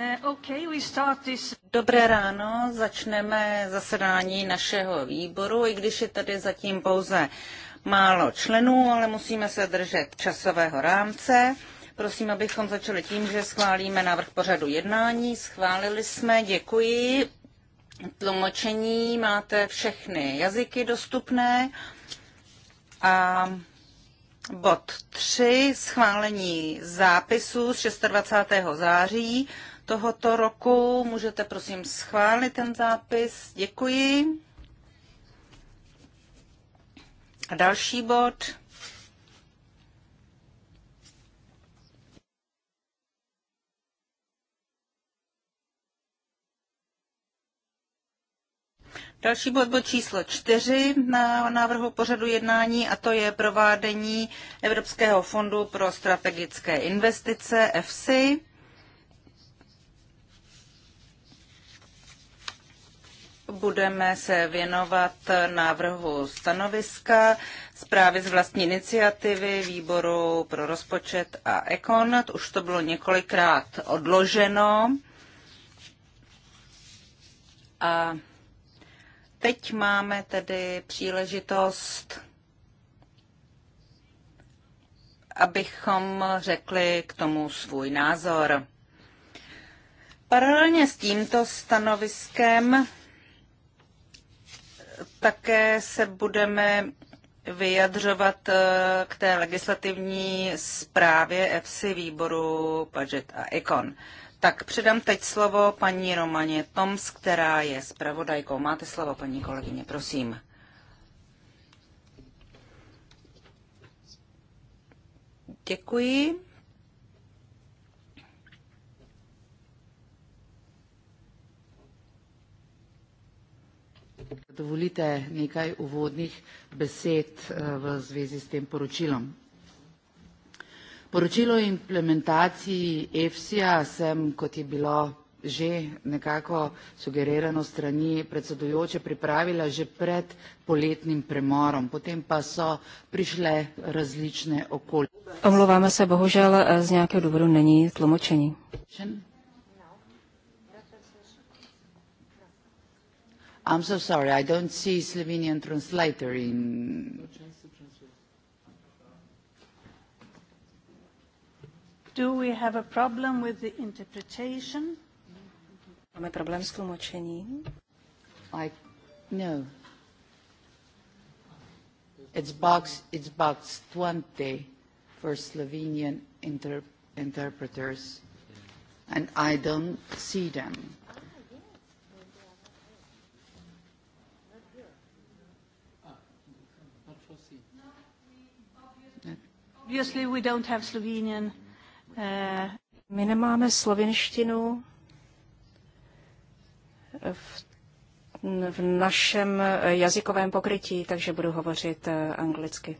Eh, Dobré ráno, začneme zasedání našeho výboru, i když je tady zatím pouze málo členů, ale musíme se držet časového rámce. Prosím, abychom začali tím, že schválíme návrh pořadu jednání. Schválili jsme, děkuji. Tlumočení máte všechny jazyky dostupné. A bod 3, schválení zápisu z 26. září tohoto roku. Můžete prosím schválit ten zápis. Děkuji. A další bod. Další bod bod číslo čtyři na návrhu pořadu jednání a to je provádění Evropského fondu pro strategické investice EFSI. budeme se věnovat návrhu stanoviska zprávy z vlastní iniciativy výboru pro rozpočet a ekon. Už to bylo několikrát odloženo. A teď máme tedy příležitost, abychom řekli k tomu svůj názor. Paralelně s tímto stanoviskem také se budeme vyjadřovat eh, k té legislativní zprávě EFSI výboru Budget a Econ. Tak předám teď slovo paní Romaně Toms, která je zpravodajkou. Máte slovo, paní kolegyně, prosím. Děkuji. dovolite nekaj uvodnih besed eh, v zvezi s tem poročilom. Poročilo o implementaciji EFSI-ja sem, kot je bilo že nekako sugerirano strani predsedujoče, pripravila že pred poletním premorom. Potem pa so prišle različne okolnosti. Omlouváme se, bohužel z nějakého důvodu není tlumočení. I'm so sorry, I don't see Slovenian translator in... Do we have a problem with the interpretation? Máme problém s tlumočením? I... No. It's box, it's box 20 for Slovenian inter interpreters, and I don't see them. obviously we don't have Slovenian. Uh... My nemáme slovinštinu v, v našem jazykovém pokrytí, takže budu hovořit eh, anglicky.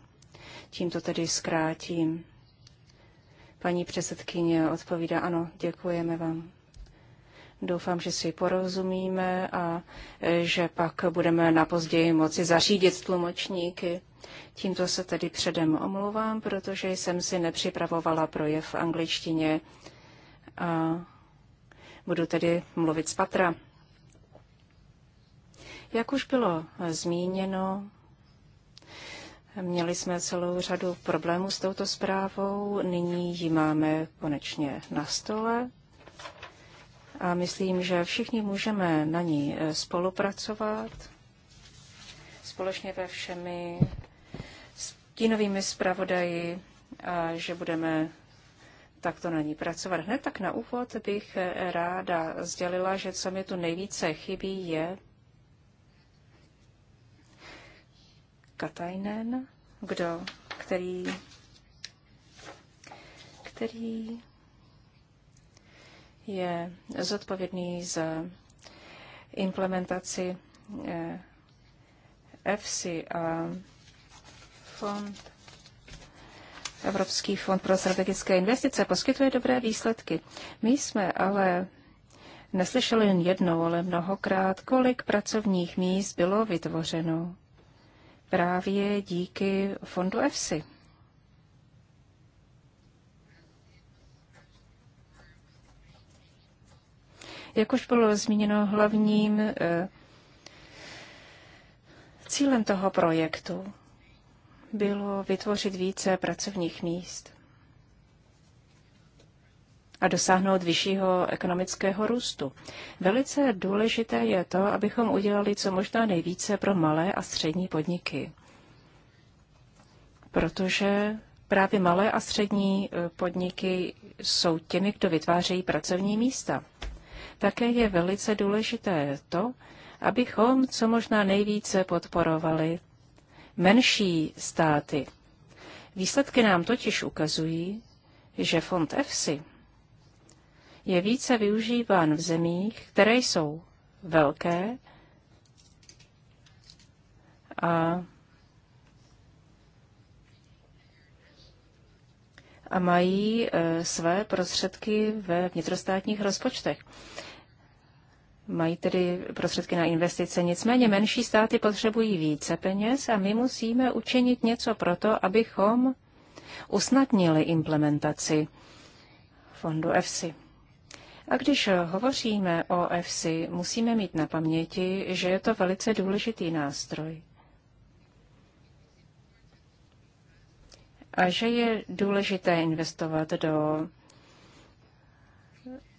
Tím to tedy zkrátím. Paní předsedkyně odpovídá, ano, děkujeme vám. Doufám, že si porozumíme a e, že pak budeme na později moci zařídit tlumočníky. Tímto se tedy předem omlouvám, protože jsem si nepřipravovala projev v angličtině a budu tedy mluvit z patra. Jak už bylo zmíněno, měli jsme celou řadu problémů s touto zprávou, nyní ji máme konečně na stole a myslím, že všichni můžeme na ní eh, spolupracovat společně ve všemi stínovými zpravodaji a že budeme takto na ní pracovat. Hned tak na úvod bych eh, ráda sdělila, že co mi tu nejvíce chybí je Katajnen, kdo, který, který je zodpovědný za implementaci EFSI eh, a fond Evropský fond pro strategické investice poskytuje dobré výsledky. My jsme ale neslyšeli jen jednou, ale mnohokrát, kolik pracovních míst bylo vytvořeno právě díky fondu EFSI. Jak už bylo zmíněno, hlavním eh, cílem toho projektu bylo vytvořit více pracovních míst a dosáhnout vyššího ekonomického růstu. Velice důležité je to, abychom udělali co možná nejvíce pro malé a střední podniky. Protože právě malé a střední eh, podniky jsou těmi, kdo vytvářejí pracovní místa. Také je velice důležité to, abychom co možná nejvíce podporovali menší státy. Výsledky nám totiž ukazují, že fond EFSI je více využíván v zemích, které jsou velké a, a mají e, své prostředky ve vnitrostátních rozpočtech mají tedy prostředky na investice. Nicméně menší státy potřebují více peněz a my musíme učinit něco proto, abychom usnadnili implementaci fondu EFSI. A když hovoříme o EFSI, musíme mít na paměti, že je to velice důležitý nástroj. A že je důležité investovat do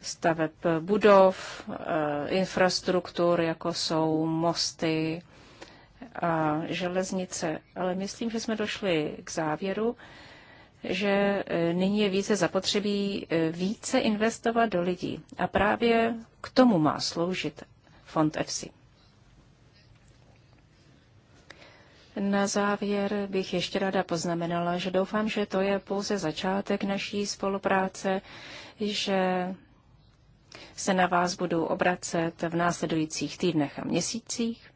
staveb budov, eh, infrastruktur, jako jsou mosty a železnice. Ale myslím, že jsme došli k závěru, že eh, nyní je více zapotřebí eh, více investovat do lidí. A právě k tomu má sloužit fond EFSI. Na závěr bych ještě ráda poznamenala, že doufám, že to je pouze začátek naší spolupráce, že se na vás budu obracet v následujících týdnech a měsících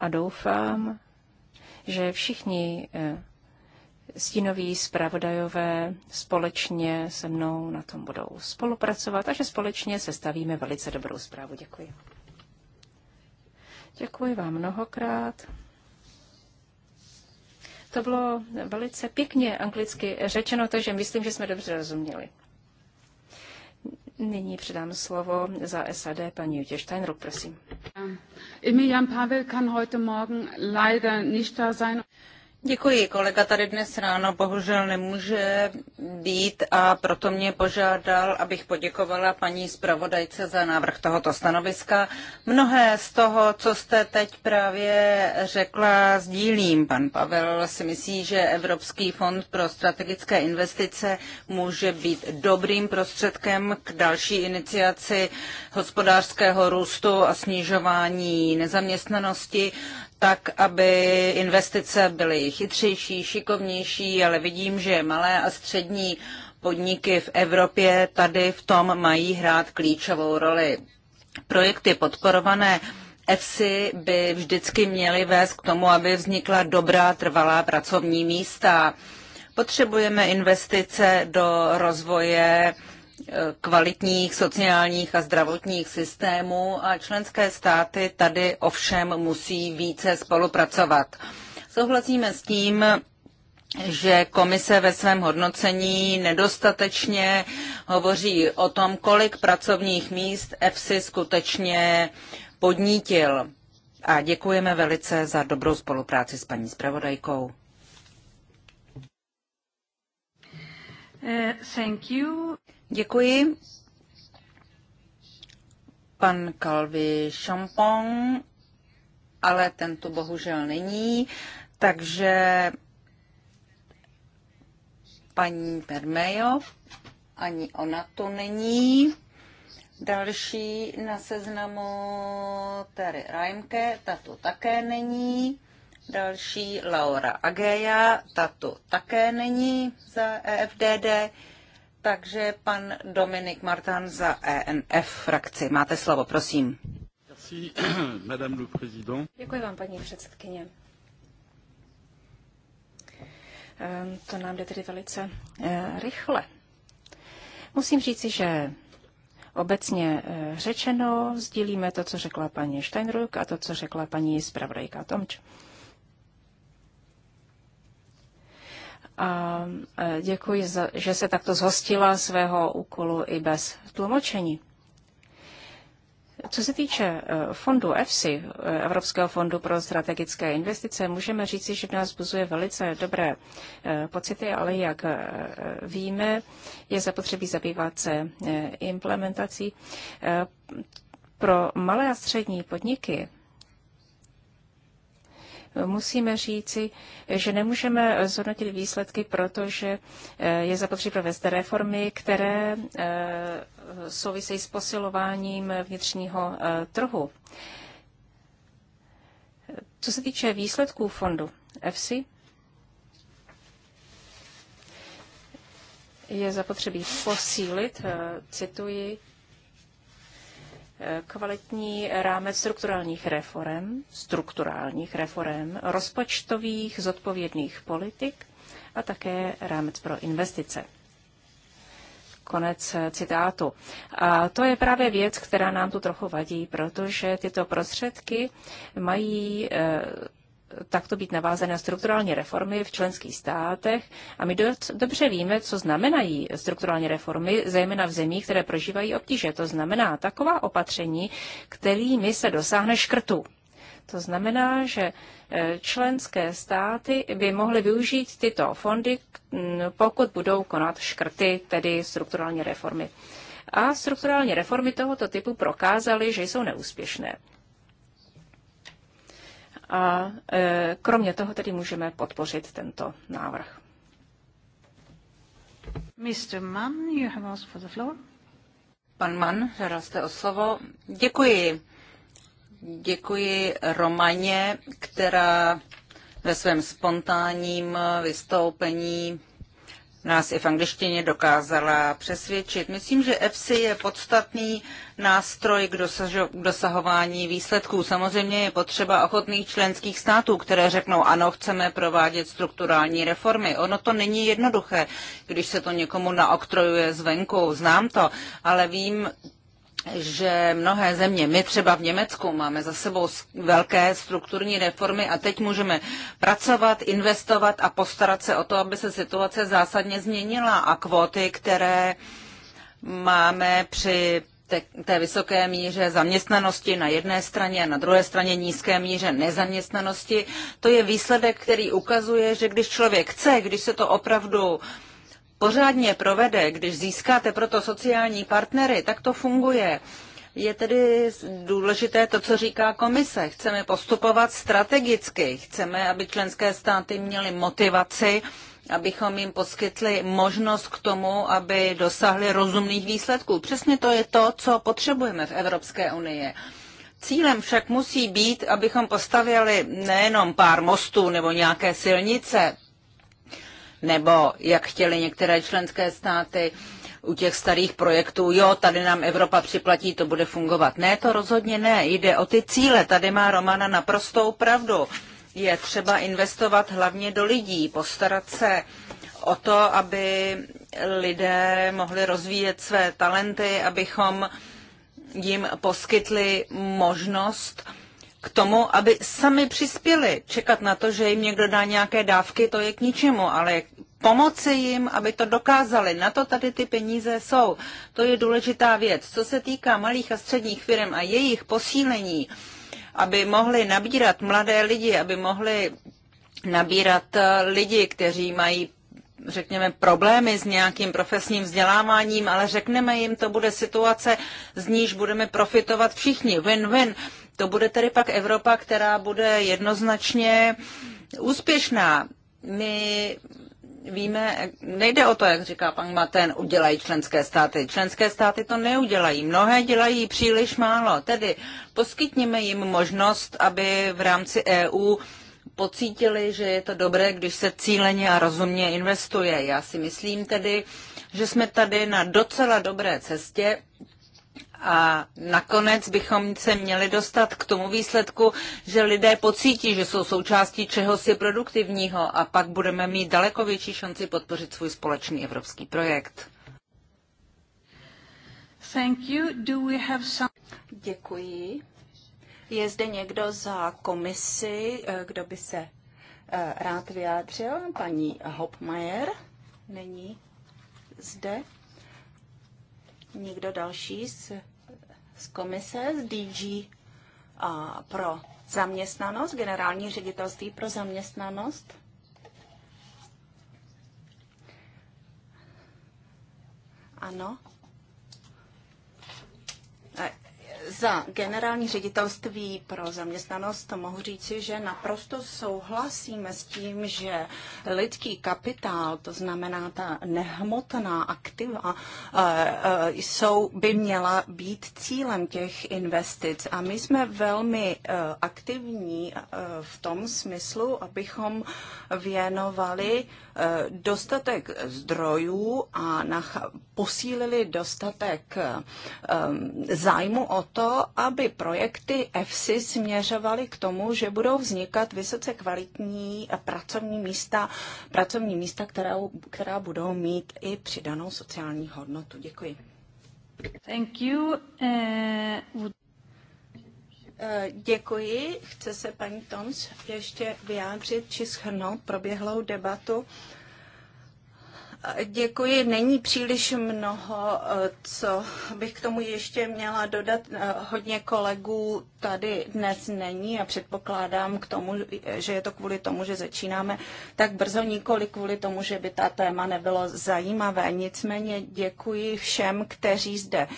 a doufám, že všichni eh, stínoví zpravodajové společně se mnou na tom budou spolupracovat a že společně stavíme velice dobrou zprávu. Děkuji. Děkuji vám mnohokrát. To bylo velice pěkně anglicky řečeno, takže myslím, že jsme dobře rozuměli. Nyní předám slovo za SAD paní Jutě Steinruck, prosím. Emilian Pavel kann heute Morgen leider nicht da sein. Děkuji. Kolega tady dnes ráno bohužel nemůže být a proto mě požádal, abych poděkovala paní zpravodajce za návrh tohoto stanoviska. Mnohé z toho, co jste teď právě řekla, sdílím. Pan Pavel si myslí, že Evropský fond pro strategické investice může být dobrým prostředkem k další iniciaci hospodářského růstu a snižování nezaměstnanosti tak, aby investice byly chytřejší, šikovnější, ale vidím, že malé a střední podniky v Evropě tady v tom mají hrát klíčovou roli. Projekty podporované EFSI by vždycky měly vést k tomu, aby vznikla dobrá, trvalá pracovní místa. Potřebujeme investice do rozvoje kvalitních sociálních a zdravotních systémů a členské státy tady ovšem musí více spolupracovat. Souhlasíme s tím, že komise ve svém hodnocení nedostatečně hovoří o tom, kolik pracovních míst EFSI skutečně podnítil. A děkujeme velice za dobrou spolupráci s paní zpravodajkou. Eh, thank you. Děkuji. Pan Kalvi Šampong, ale ten tu bohužel není, takže paní Permejov, ani ona tu není. Další na seznamu Terry Reimke, ta tu také není. Další Laura Ageja, ta tu také není za EFDD. Takže pan Dominik Martan za ENF frakci. Máte slovo, prosím. Děkuji vám, paní předsedkyně. Ehm, to nám jde tedy velice eh, rychle. Musím říci, že obecně eh, řečeno sdílíme to, co řekla paní Steinruck a to, co řekla paní zpravodajka Tomč. a e, děkuji, za, že se takto zhostila svého úkolu i bez tlumočení. Co se týče e, fondu EFSI, e, Evropského fondu pro strategické investice, můžeme říci, že v nás buzuje velice dobré pocity, ale jak víme, je zapotřebí zabývat se implementací. Pro malé a střední podniky musíme říci, že nemůžeme zhodnotit výsledky, protože eh, je zapotřebí provést reformy, které eh, souvisejí s posilováním vnitřního eh, trhu. Co se týče výsledků fondu EFSI, je zapotřebí posílit, cituji, kvalitní rámec strukturálních reform, strukturálních reform, rozpočtových zodpovědných politik a také rámec pro investice. Konec citátu. A to je právě věc, která nám tu trochu vadí, protože tyto prostředky mají eh, takto být navázané strukturální reformy v členských státech a my dobře víme, co znamenají strukturální reformy, zejména v zemích, které prožívají obtíže. To znamená taková opatření, kterými se dosáhne škrtu. To znamená, že e, členské státy by mohly využít tyto fondy, pokud budou konat škrty, tedy strukturální reformy. A strukturální reformy tohoto typu prokázaly, že jsou neúspěšné. A e, kromě toho tedy můžeme podpořit tento návrh. Mr. Mann, you have asked for the floor. Pan Mann, žádal jste o slovo. Děkuji. Děkuji Romaně, která ve svém spontánním vystoupení nás i v angličtině dokázala přesvědčit. Myslím, že EFSI je podstatný nástroj k, dosažo- k dosahování výsledků. Samozřejmě je potřeba ochotných členských států, které řeknou ano, chceme provádět strukturální reformy. Ono to není jednoduché, když se to někomu naoktrojuje zvenku, znám to, ale vím, že mnohé země, my třeba v Německu máme za sebou velké strukturní reformy a teď můžeme pracovat, investovat a postarat se o to, aby se situace zásadně změnila a kvóty, které máme při té vysoké míře zaměstnanosti na jedné straně a na druhé straně nízké míře nezaměstnanosti. To je výsledek, který ukazuje, že když člověk chce, když se to opravdu uh, pořádně provede, když získáte proto sociální partnery, tak to funguje. Je tedy důležité to, co říká komise. Chceme postupovat strategicky. Chceme, aby členské státy měly motivaci, abychom jim poskytli možnost k tomu, aby dosahli rozumných výsledků. Přesně to je to, co potřebujeme v Evropské unii. Cílem však musí být, abychom postavili nejenom pár mostů nebo nějaké silnice, nebo jak chtěly některé členské státy u těch starých projektů, jo, tady nám Evropa připlatí, to bude fungovat. Ne, to rozhodně ne, jde o ty cíle, tady má Romana naprostou pravdu. Je třeba investovat hlavně do lidí, postarat se o to, aby lidé mohli rozvíjet své talenty, abychom jim poskytli možnost k tomu, aby sami přispěli. Čekat na to, že jim někdo dá nějaké dávky, to je k ničemu, ale pomoci jim, aby to dokázali. Na to tady ty peníze jsou. To je důležitá věc. Co se týká malých a středních firm a jejich posílení, aby mohli nabírat mladé lidi, aby mohli nabírat eh, lidi, kteří mají řekněme, problémy s nějakým profesním vzděláváním, ale řekneme jim, to bude situace, z níž budeme profitovat všichni. Win-win. To bude tedy pak Evropa, která bude jednoznačně úspěšná. My víme, nejde o to, jak říká pan Maten, udělají členské státy. Členské státy to neudělají. Mnohé dělají příliš málo. Tedy poskytněme jim možnost, aby v rámci EU pocítili, že je to dobré, když se cíleně a rozumně investuje. Já si myslím tedy, že jsme tady na docela dobré cestě. A nakonec bychom se měli dostat k tomu výsledku, že lidé pocítí, že jsou součástí čehosi produktivního a pak budeme mít daleko větší šanci podpořit svůj společný evropský projekt. Thank you. Do we have some... Děkuji. Je zde někdo za komisi, eh, kdo by se eh, rád vyjádřil? Paní Hopmajer není zde. Nikdo další z z komise, z DG pro zaměstnanost, generální ředitelství pro zaměstnanost. Ano, Za generální ředitelství pro zaměstnanost mohu říci, že naprosto souhlasíme s tím, že lidský kapitál, to znamená ta nehmotná aktiva, eh, eh, jsou, by měla být cílem těch investic. A my jsme velmi eh, aktivní v tom smyslu, abychom věnovali dostatek zdrojů a posílili dostatek zájmu o to, to, aby projekty EFSI směřovaly k tomu, že budou vznikat vysoce kvalitní pracovní místa, pracovní místa, která, která budou mít i přidanou sociální hodnotu. Děkuji. Thank you. Uh, eh, would... Eh, děkuji. Chce se paní Toms ještě vyjádřit či schrnout proběhlou debatu. Děkuji. Není příliš mnoho, eh, co bych k tomu ještě měla dodat. Eh, hodně kolegů tady dnes není a předpokládám k tomu, že je to kvůli tomu, že začínáme tak brzo, nikoli kvůli tomu, že by ta téma nebylo zajímavé. Nicméně děkuji všem, kteří zde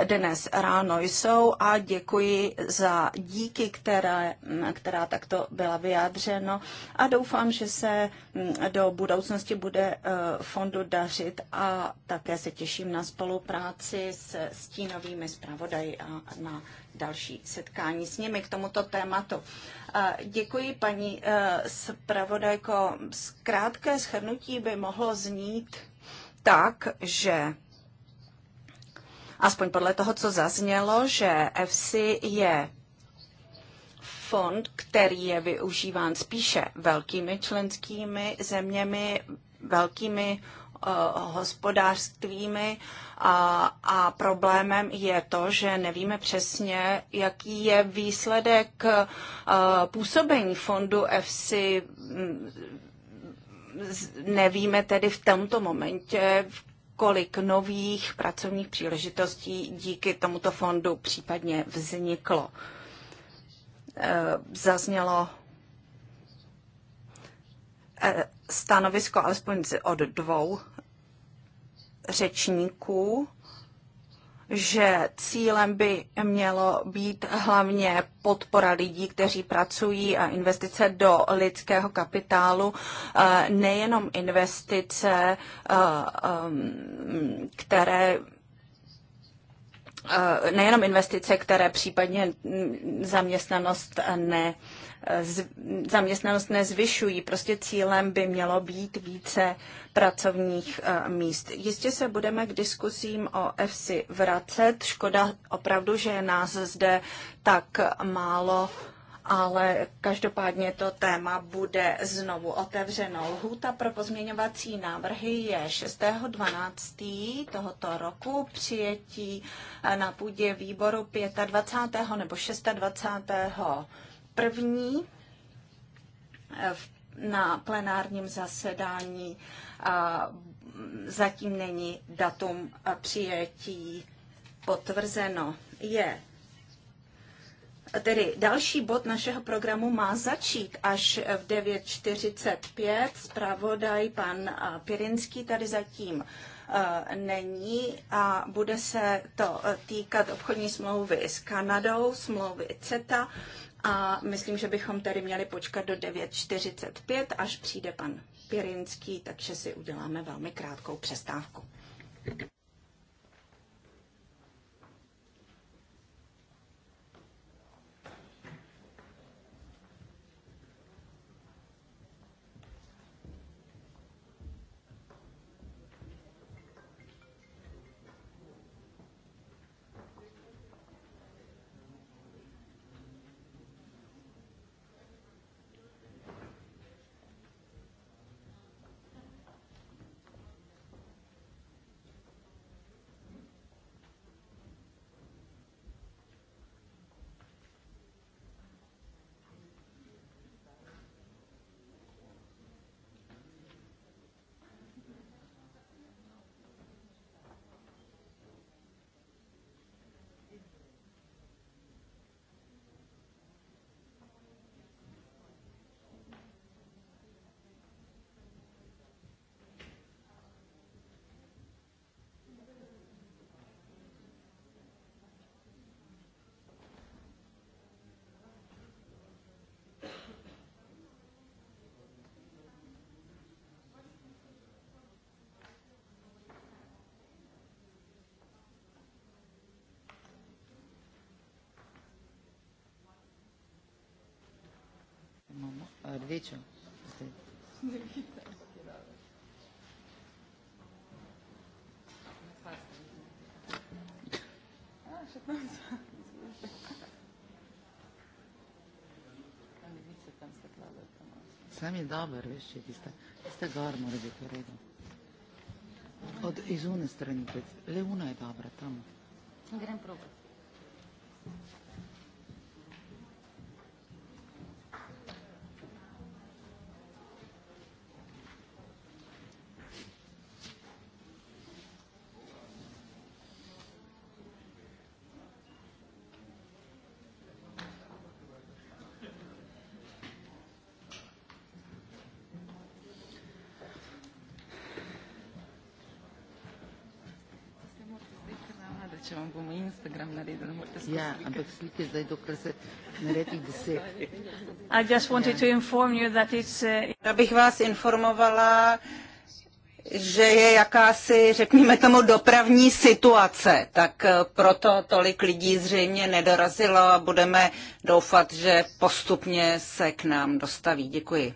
eh, dnes ráno jsou a děkuji za díky, které, hm, která takto byla vyjádřeno a doufám, že se hm, do budoucnosti bude fondu dařit a také se těším na spolupráci s stínovými zpravodaji a na další setkání s nimi k tomuto tématu. Děkuji, paní eh, zpravodajko. Krátké shrnutí by mohlo znít tak, že aspoň podle toho, co zaznělo, že EFSI je fond, který je využíván spíše velkými členskými zeměmi velkými eh, hospodářstvími a, a problémem je to, že nevíme přesně, jaký je výsledek eh, působení fondu EFSI. Nevíme tedy v tomto momentě, kolik nových pracovních příležitostí díky tomuto fondu případně vzniklo. Eh, zaznělo stanovisko alespoň od dvou řečníků, že cílem by mělo být hlavně podpora lidí, kteří pracují a investice do lidského kapitálu, eh, nejenom investice, eh, které eh, nejenom investice, které případně mm, zaměstnanost ne, zaměstnanost nezvyšují. Prostě cílem by mělo být více pracovních e, míst. Jistě se budeme k diskusím o EFSI vracet. Škoda opravdu, že je nás zde tak málo ale každopádně to téma bude znovu otevřeno. Lhůta pro pozměňovací návrhy je 6.12. tohoto roku, přijetí e, na půdě výboru 25. nebo 26 první eh, na plenárním zasedání. Zatím není datum přijetí potvrzeno. Je Tedy další bod našeho programu má začít až v 9.45. Zpravodaj pan eh, Pirinský tady zatím eh, není a bude se to týkat obchodní smlouvy s Kanadou, smlouvy CETA a myslím, že bychom tedy měli počkat do 9.45, až přijde pan Pirinský, takže si uděláme velmi krátkou přestávku. haber dicho. Sam je dobar, veš, če tista, tista gor mora biti v redu. Od izune strani, le una je dobra tam. Grem probati. Instagram Ja, ampak slike zdaj, dokler se naredi deset. I just wanted to inform you that it's... Uh, Já bych vás informovala, že je jakási, řekněme tomu, dopravní situace, tak eh, proto tolik lidí zřejmě nedorazilo a budeme doufat, že postupně se k nám dostaví. Děkuji.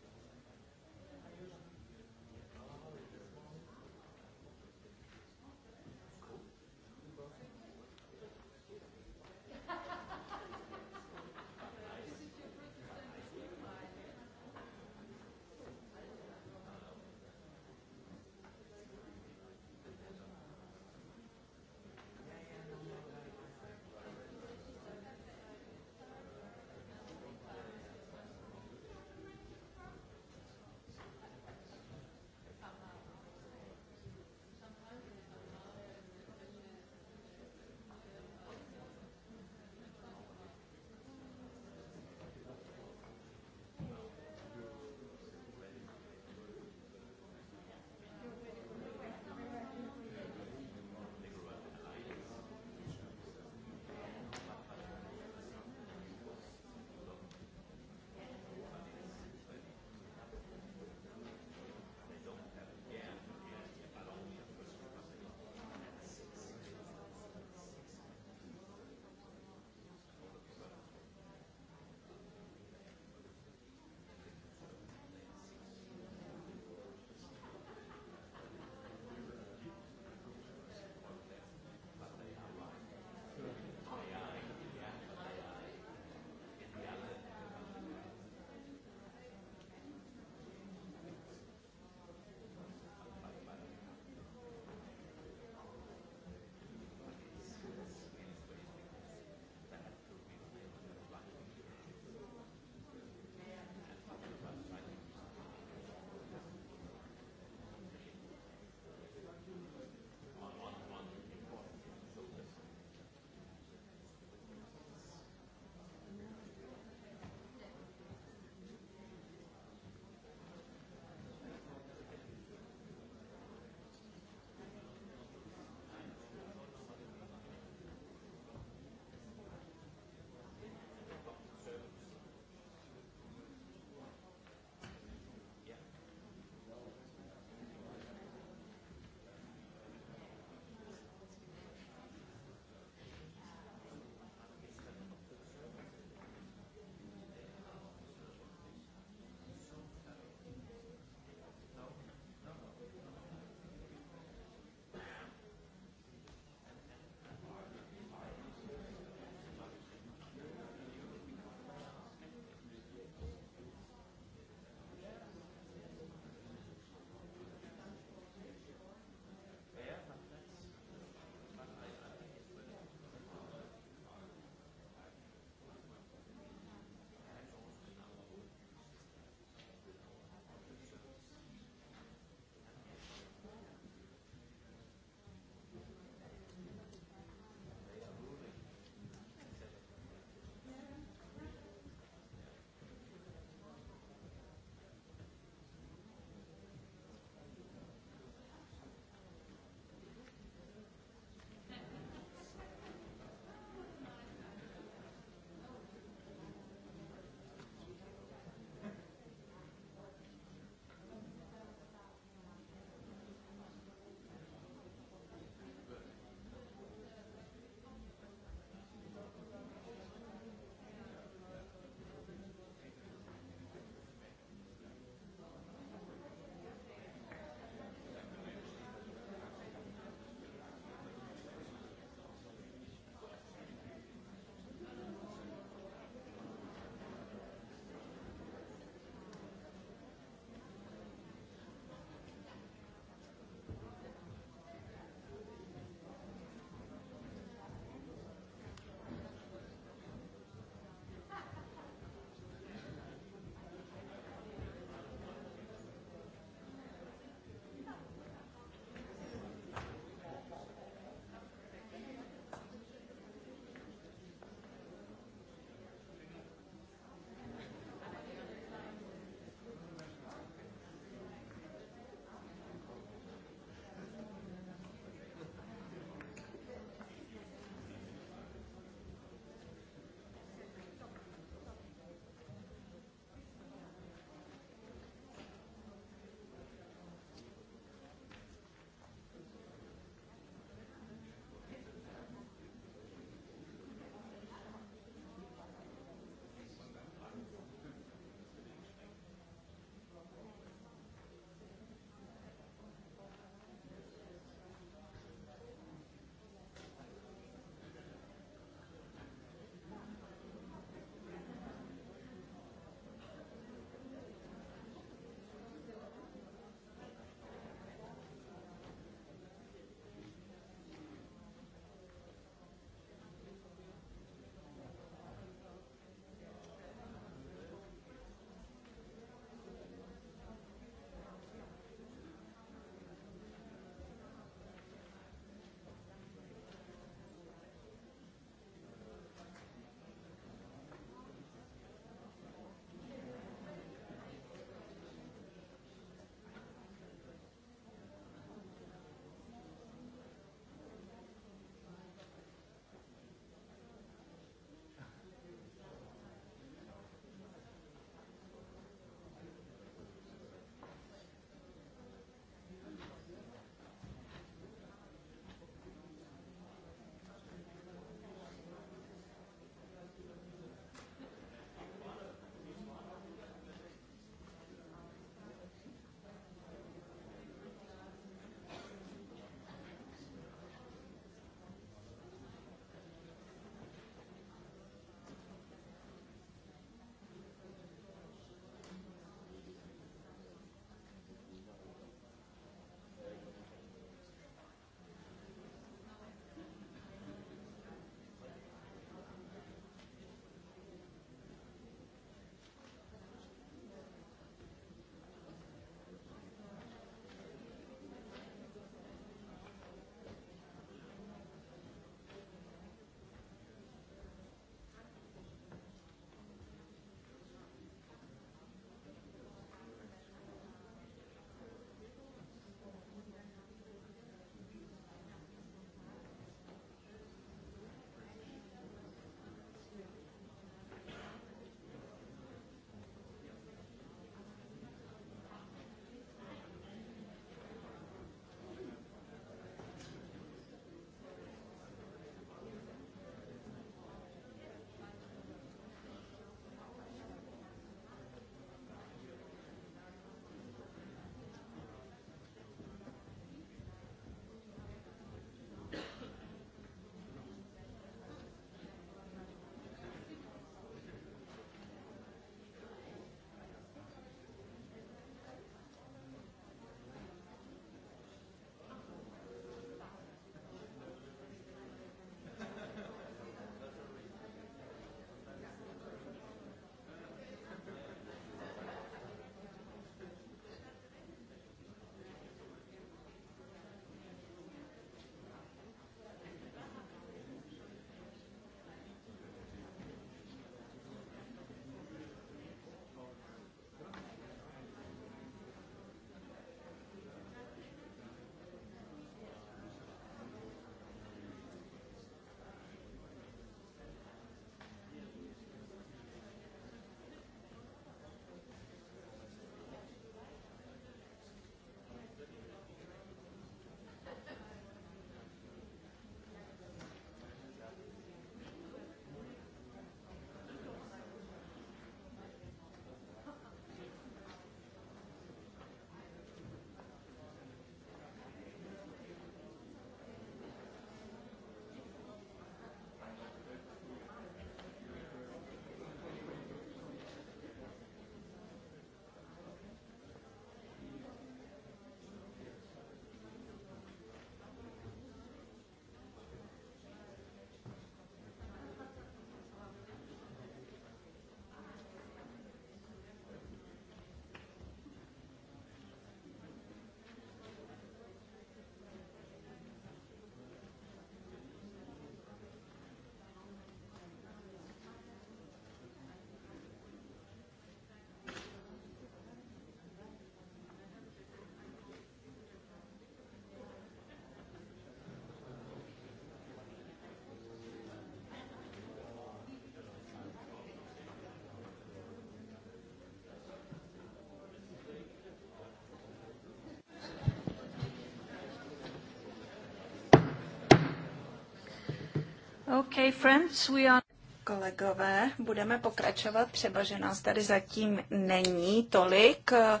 Okay, friends, we are... Kolegové, budeme pokračovat, třeba, že nás tady zatím není tolik, eh,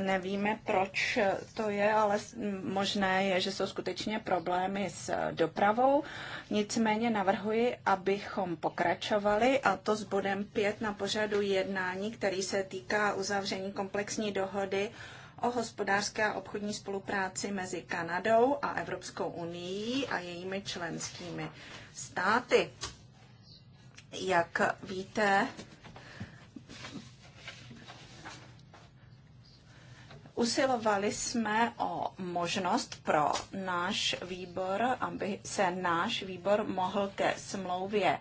nevíme, proč to je, ale možné je, že jsou skutečně problémy s dopravou. Nicméně navrhuji, abychom pokračovali a to s bodem 5 na pořadu jednání, který se týká uzavření komplexní dohody o hospodářské a obchodní spolupráci mezi Kanadou a Evropskou unii a jejími členskými státy. Jak víte, Usilovali jsme o možnost pro náš výbor, aby se náš výbor mohl ke smlouvě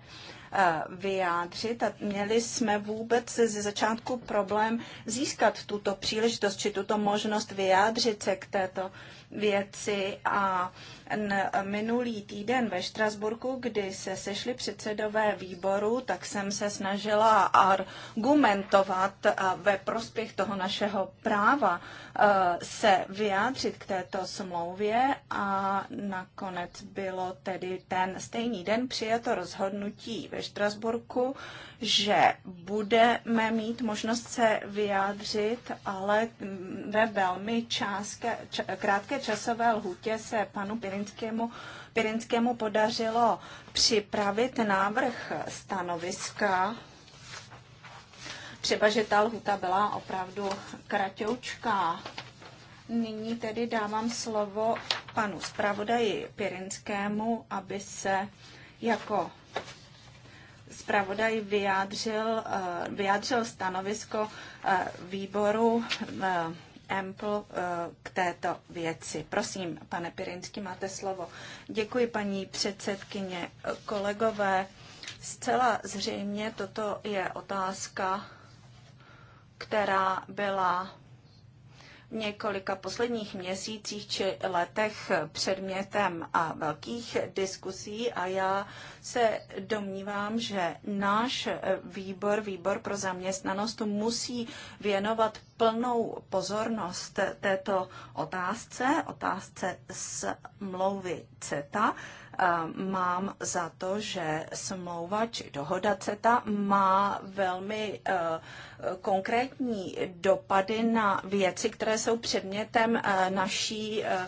Eh, vyjádřit a měli jsme vůbec ze začátku problém získat tuto příležitost či tuto možnost vyjádřit se k této věci a minulý týden ve Štrasburku, kdy se sešli předsedové výboru, tak jsem se snažila argumentovat eh, ve prospěch toho našeho práva eh, se vyjádřit k této smlouvě a nakonec bylo tedy ten stejný den přijato rozhodnutí ve Štrasburku, že budeme mít možnost se vyjádřit, ale mm, ve velmi částké, krátké časové lhutě se panu Pirinskému, Pirinskému podařilo připravit návrh stanoviska. Třeba, že ta lhuta byla opravdu kratoučká. Nyní tedy dávám slovo panu zpravodaji Pirinskému, aby se jako zpravodaj vyjádřil, eh, vyjádřil stanovisko eh, výboru eh, EMPL eh, k této věci. Prosím, pane Pirinsky, máte slovo. Děkuji, paní předsedkyně. Kolegové, zcela zřejmě toto je otázka, která byla několika posledních měsících či letech předmětem a velkých diskusí a já se domnívám, že náš výbor, výbor pro zaměstnanost, musí věnovat plnou pozornost této otázce, otázce smlouvy CETA mám za to, že smlouva či dohoda CETA má velmi eh, konkrétní dopady na věci, které jsou předmětem eh, naší eh,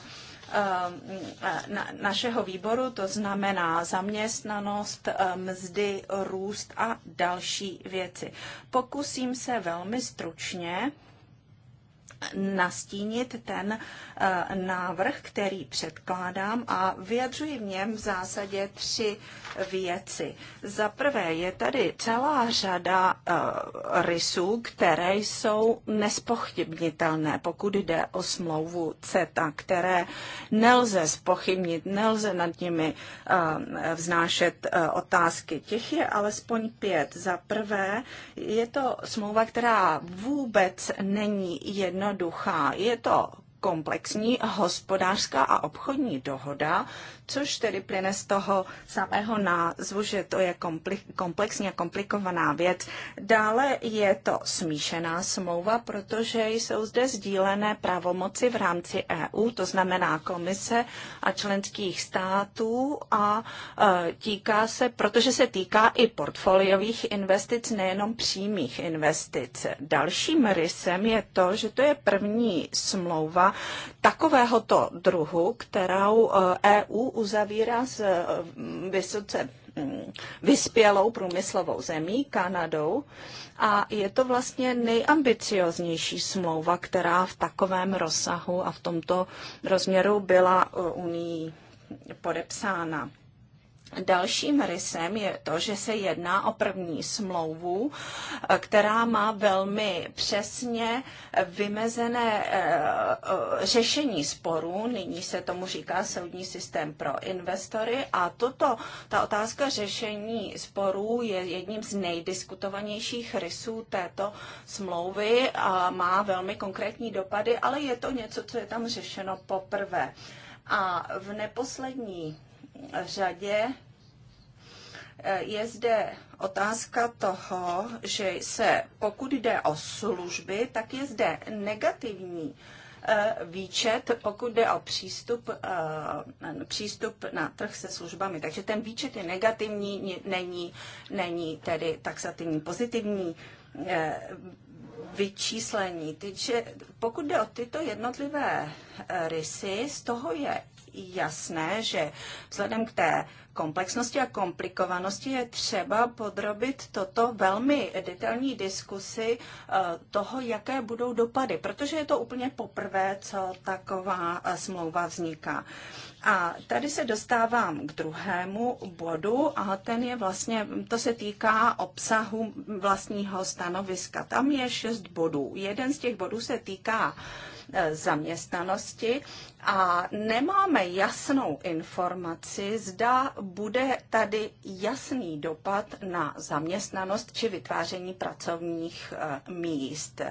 našeho výboru, to znamená zaměstnanost, mzdy, růst a další věci. Pokusím se velmi stručně nastínit ten eh, návrh, který předkládám a vyjadřuji v něm v zásadě tři věci. Za prvé je tady celá řada eh, rysů, které jsou nespochybnitelné, pokud jde o smlouvu CETA, které nelze spochybnit, nelze nad nimi eh, vznášet otázky. Těch je alespoň pět. Za prvé je to smlouva, která vůbec není jedno jednoduchá. Je to komplexní hospodářská a obchodní dohoda což tedy plyne z toho samého názvu, že to je komplexní a komplikovaná věc. Dále je to smíšená smlouva, protože jsou zde sdílené pravomoci v rámci EU, to znamená komise a členských států a e, týká se, protože se týká i portfoliových investic, nejenom přímých investic. Dalším rysem je to, že to je první smlouva takovéhoto druhu, kterou EU e uzavírá s eh, vysoce mm, vyspělou průmyslovou zemí, Kanadou. A je to vlastně nejambicioznější smlouva, která v takovém rozsahu a v tomto rozměru byla eh, Unii podepsána. Dalším rysem je to, že se jedná o první smlouvu, eh, která má velmi přesně vymezené eh, eh, řešení sporů. Nyní se tomu říká soudní systém pro investory a toto, ta otázka řešení sporů je jedním z nejdiskutovanějších rysů této smlouvy a má velmi konkrétní dopady, ale je to něco, co je tam řešeno poprvé. A v neposlední řadě e, je zde otázka toho, že se, pokud jde o služby, tak je zde negativní e, výčet, pokud jde o přístup, e, přístup na trh se službami. Takže ten výčet je negativní, není, není tedy taxativní pozitivní vyčíslení. Takže pokud jde o tyto jednotlivé rysy, z toho je jasné, že vzhledem k té komplexnosti a komplikovanosti je třeba podrobit toto velmi detailní diskusi eh, toho, jaké budou dopady, protože je to úplně poprvé, co taková eh, smlouva vzniká. A tady se dostávám k druhému bodu a ten je vlastně, to se týká obsahu vlastního stanoviska. Tam je šest bodů. Jeden z těch bodů se týká eh, zaměstnanosti a nemáme jasnou informaci, zda bude tady jasný dopad na zaměstnanost či vytváření pracovních eh, míst.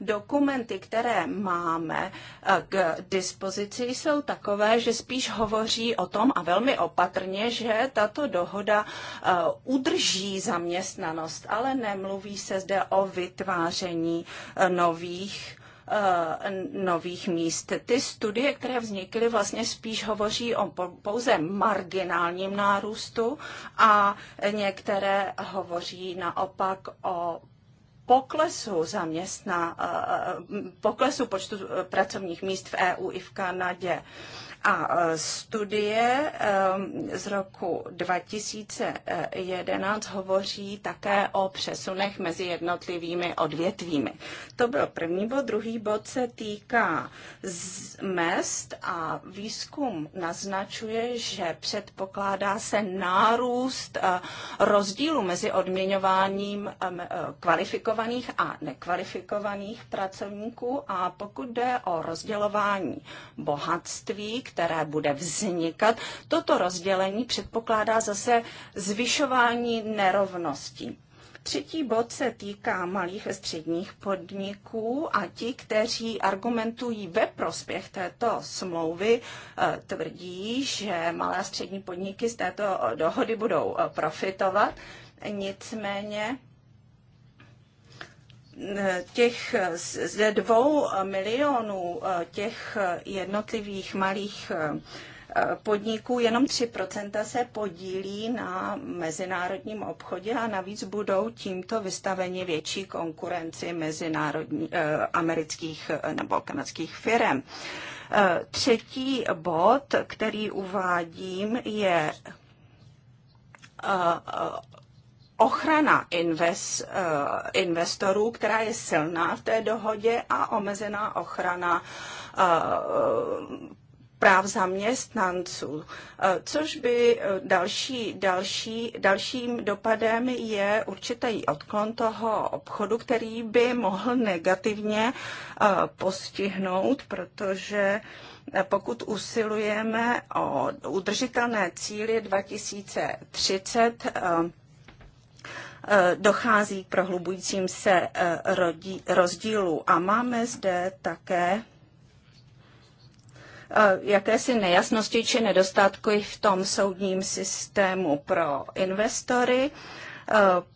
Dokumenty, které máme eh, k dispozici, jsou takové, že spíš hovoří o tom a velmi opatrně, že tato dohoda eh, udrží zaměstnanost, ale nemluví se zde o vytváření nových Eh, nových míst. Ty studie, které vznikly, vlastně spíš hovoří o pouze marginálním nárůstu a některé hovoří naopak o poklesu zaměstna, eh, poklesu počtu eh, pracovních míst v EU i v Kanadě. A e, studie e, z roku 2011 hovoří také o přesunech mezi jednotlivými odvětvími. To byl první bod. Druhý bod se týká mest a výzkum naznačuje, že předpokládá se nárůst e, rozdílu mezi odměňováním kvalifikovaných a nekvalifikovaných pracovníků a pokud jde o rozdělování bohatství, které bude vznikat. Toto rozdělení předpokládá zase zvyšování nerovností. Třetí bod se týká malých a středních podniků a ti, kteří argumentují ve prospěch této smlouvy, eh, tvrdí, že malé a střední podniky z této dohody budou eh, profitovat. Nicméně těch ze dvou milionů eh, těch jednotlivých malých eh, podniků jenom 3% se podílí na mezinárodním obchodě a navíc budou tímto vystaveni větší konkurenci mezinárodní, eh, amerických nebo kanadských firm. Třetí bod, který uvádím, je ochrana invest, eh, investorů, která je silná v té dohodě a omezená ochrana eh, práv zaměstnanců, eh, což by další, další, dalším dopadem je určitý odklon toho obchodu, který by mohl negativně postihnout, protože pokud usilujeme o udržitelné cíly 2030, Eh, dochází k prohlubujícím se eh, rozdílu. A máme zde také eh, jakési nejasnosti či nedostatky v tom soudním systému pro investory,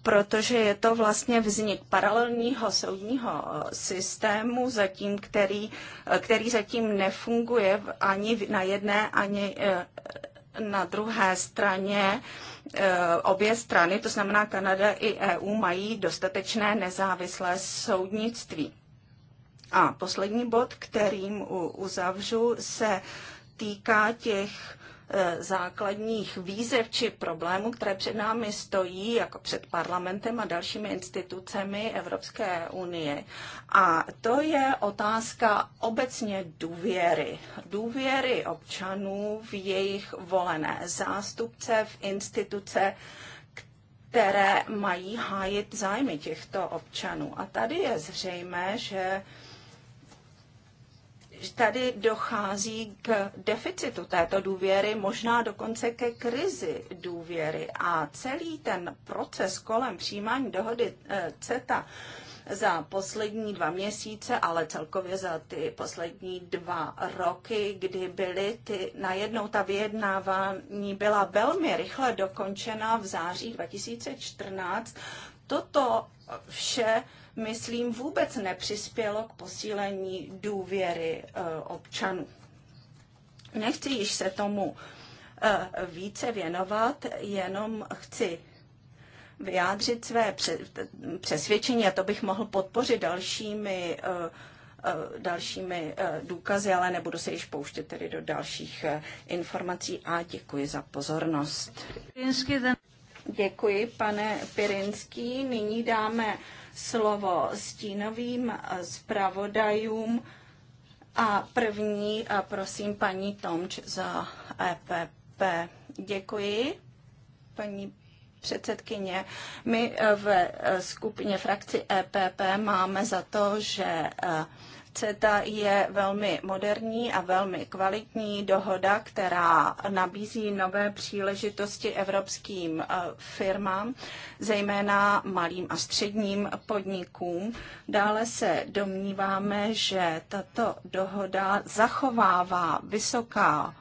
protože je to vlastně vznik paralelního soudního systému, zatím, který, který zatím nefunguje ani na jedné, ani na druhé straně eh, obě strany, to znamená Kanada i EU, mají dostatečné nezávislé soudnictví. A poslední bod, kterým uzavřu, se týká těch Eh, základních výzev či problémů, které před námi stojí, jako před parlamentem a dalšími institucemi Evropské unie. A to je otázka obecně důvěry. Důvěry občanů v jejich volené zástupce, v instituce, které mají hájit zájmy těchto občanů. A tady je zřejmé, že tady dochází k deficitu této důvěry, možná dokonce ke krizi důvěry. A celý ten proces kolem přijímání dohody eh, CETA za poslední dva měsíce, ale celkově za ty poslední dva roky, kdy byly ty, najednou ta vyjednávání byla velmi rychle dokončena v září 2014. Toto vše myslím, vůbec nepřispělo k posílení důvěry eh, občanů. Nechci již se tomu eh, více věnovat, jenom chci vyjádřit své přesvědčení a to bych mohl podpořit dalšími, eh, dalšími důkazy, ale nebudu se již pouštět tedy do dalších informací a děkuji za pozornost. Děkuji, pane Pirinský. Nyní dáme slovo stínovým eh, zpravodajům. A první, a eh, prosím, paní Tomč za EPP. Děkuji, paní předsedkyně. My eh, v skupině frakci EPP máme za to, že CETA je velmi moderní a velmi kvalitní dohoda, která nabízí nové příležitosti evropským eh, firmám, zejména malým a středním podnikům. Dále se domníváme, že tato dohoda zachovává vysoká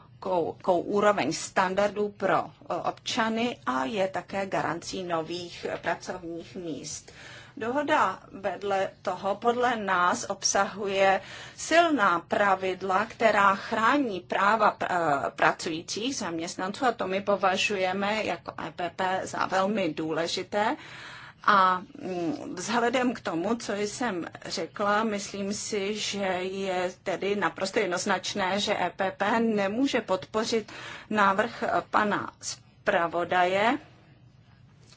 kou úroveň standardů pro eh, občany a je také garancí nových eh, pracovních míst. Dohoda vedle toho podle nás obsahuje silná pravidla, která chrání práva eh, pracujících zaměstnanců a to my považujeme jako EPP za velmi důležité. A mm, vzhledem k tomu, co jsem řekla, myslím si, že je tedy naprosto jednoznačné, že EPP nemůže podpořit návrh eh, pana zpravodaje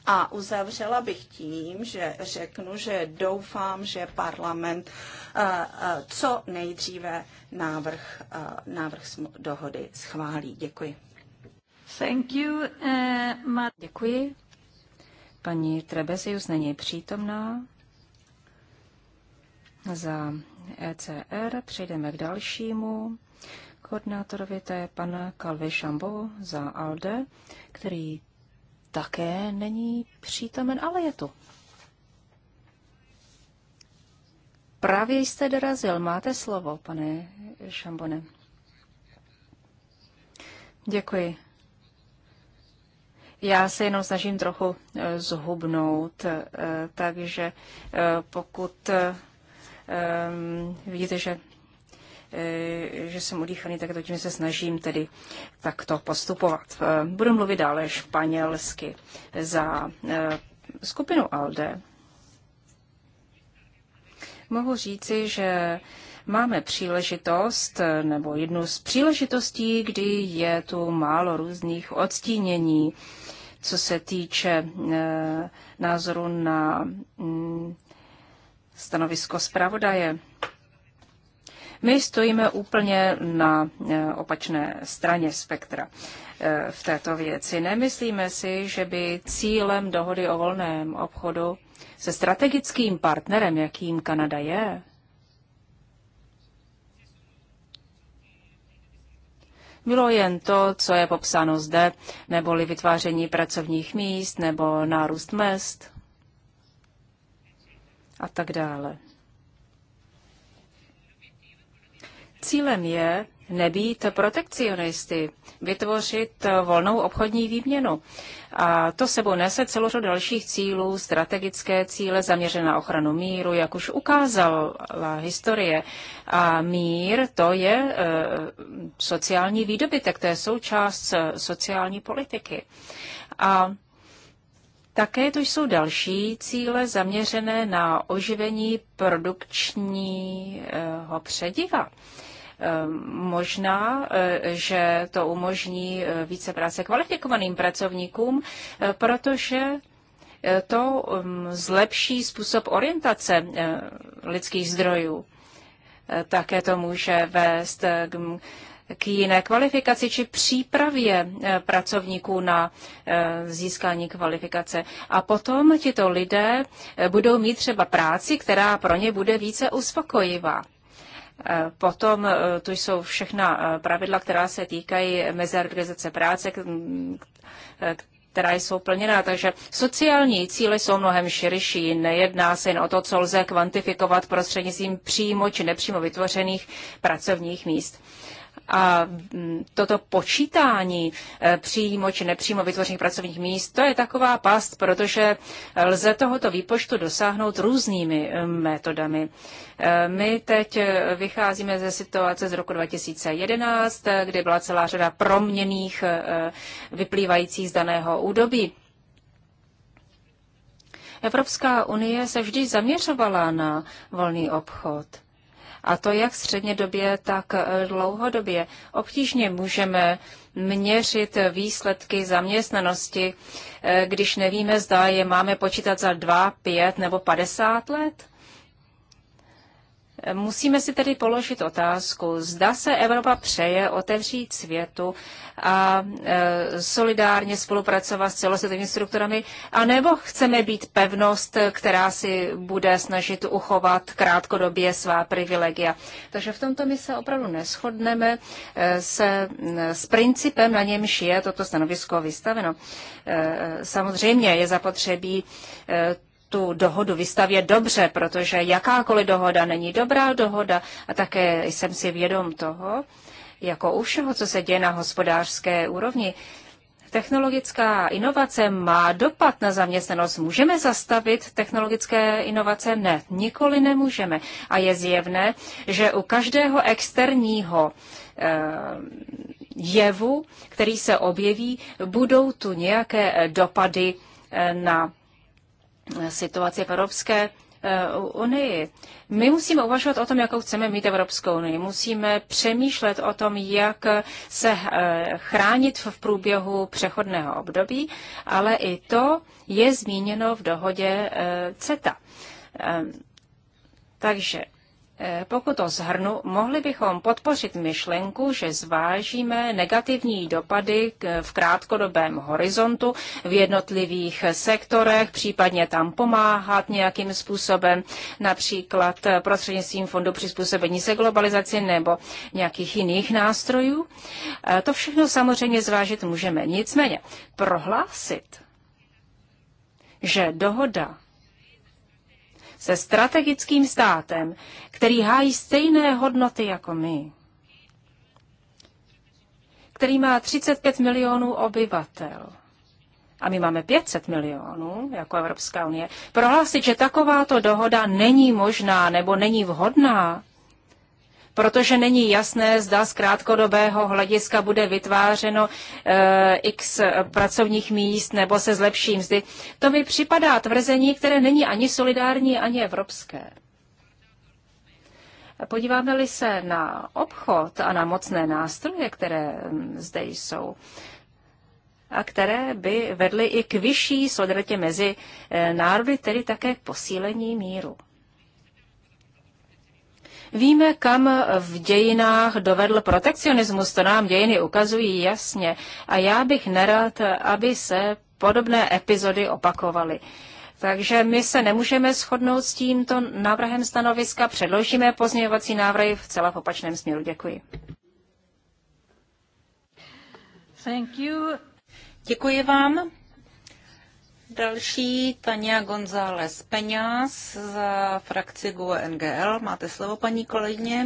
a uzavřela bych tím, že řeknu, že doufám, že parlament eh, eh, co nejdříve návrh, eh, návrh dohody schválí. Děkuji. Thank you, uh, Děkuji. Paní Trebesius není přítomná. Za ECR přejdeme k dalšímu koordinátorovi, to je pan Calvi Chambo za ALDE, který také není přítomen, ale je tu. Právě jste dorazil. Máte slovo, pane Šambone. Děkuji. Já se jenom snažím trochu eh, zhubnout, eh, takže eh, pokud vidíte, že Eh, že jsem udýchaný, tak tím se snažím tedy takto postupovat. Eh, budu mluvit dále španělsky za eh, skupinu ALDE. Mohu říci, že máme příležitost, nebo jednu z příležitostí, kdy je tu málo různých odstínění, co se týče názoru na mm, stanovisko zpravodaje. My stojíme úplně na eh, opačné straně spektra eh, v této věci. Nemyslíme si, že by cílem dohody o volném obchodu se strategickým partnerem, jakým Kanada je, bylo jen to, co je popsáno zde, neboli vytváření pracovních míst nebo nárůst mest a tak dále. Cílem je nebýt protekcionisty, vytvořit volnou obchodní výměnu. A to sebou nese celou řadu dalších cílů, strategické cíle zaměřené na ochranu míru, jak už ukázala historie. A mír to je e, sociální výdobytek, to je součást sociální politiky. A také to jsou další cíle zaměřené na oživení produkčního eh, přediva. E, Ehm, možná, eh, že to umožní eh, více práce kvalifikovaným pracovníkům, eh, protože to mm, zlepší způsob orientace lidských zdrojů. Také to může vést k k jiné kvalifikaci či přípravě pracovníků na získání kvalifikace. A potom tito lidé budou mít třeba práci, která pro ně bude více uspokojivá. Potom e, tu jsou všechna e, pravidla, která se týkají meziorganizace práce, e, která jsou plněná. Takže sociální cíle jsou mnohem širší. Nejedná se jen o to, co lze kvantifikovat prostřednictvím přímo či nepřímo vytvořených pracovních míst. A mm, toto počítání eh, přímo či nepřímo vytvořených pracovních míst, to je taková past, protože lze tohoto výpočtu dosáhnout různými eh, metodami. Eh, my teď vycházíme ze situace z roku 2011, kdy byla celá řada proměných vyplývajících z daného údobí. Evropská unie se vždy zaměřovala na volný obchod – a to jak střednědobě, tak e, dlouhodobě. Obtížně můžeme měřit výsledky zaměstnanosti, e, když nevíme, zda je máme počítat za 2, 5 nebo 50 let. Musíme si tedy položit otázku, zda se Evropa přeje otevřít světu a e, solidárně spolupracovat s celosvětovými strukturami, anebo chceme být pevnost, která si bude snažit uchovat krátkodobě svá privilegia. Takže v tomto my se opravdu neschodneme e, se e, s principem, na němž je toto stanovisko vystaveno. Samozřejmě je zapotřebí tu dohodu vystavět dobře, protože jakákoliv dohoda není dobrá dohoda a také jsem si vědom toho, jako u všeho, co se děje na hospodářské úrovni, technologická inovace má dopad na zaměstnanost. Můžeme zastavit technologické inovace? Ne, nikoli nemůžeme. A je zjevné, že u každého externího eh, jevu, který se objeví, budou tu nějaké eh, dopady eh, na situaci v Evropské eh, unii. My musíme uvažovat o tom, jakou chceme mít Evropskou unii. Musíme přemýšlet o tom, jak se eh, chránit v průběhu přechodného období, ale i to je zmíněno v dohodě eh, CETA. Takže Eh, pokud to zhrnu, mohli bychom podpořit myšlenku, že zvážíme negativní dopady v krátkodobém horizontu v jednotlivých sektorech, případně tam pomáhat nějakým způsobem, například eh, prostřednictvím fondu přizpůsobení se globalizaci nebo nějakých jiných nástrojů. Eh, to všechno samozřejmě zvážit můžeme. Nicméně prohlásit, že dohoda se strategickým státem, který hájí stejné hodnoty jako my, který má 35 milionů obyvatel, a my máme 500 milionů jako Evropská unie, prohlásit, že takováto dohoda není možná nebo není vhodná, protože není jasné, zda z krátkodobého hlediska bude vytvářeno eh, x pracovních míst nebo se zlepší mzdy. To mi připadá tvrzení, které není ani solidární, ani evropské. Podíváme-li se na obchod a na mocné nástroje, které mm, zde jsou, a které by vedly i k vyšší solidaritě mezi eh, národy, tedy také k posílení míru. Víme, kam v dějinách dovedl protekcionismus, to nám dějiny ukazují jasně. A já bych nerad, aby se podobné epizody opakovaly. Takže my se nemůžeme shodnout s tímto návrhem stanoviska, předložíme pozměňovací návrhy v celé opačném směru. Děkuji. Thank you. Děkuji vám. Další Tania González Peňáz za frakci GUE NGL. Máte slovo, paní kolegyně.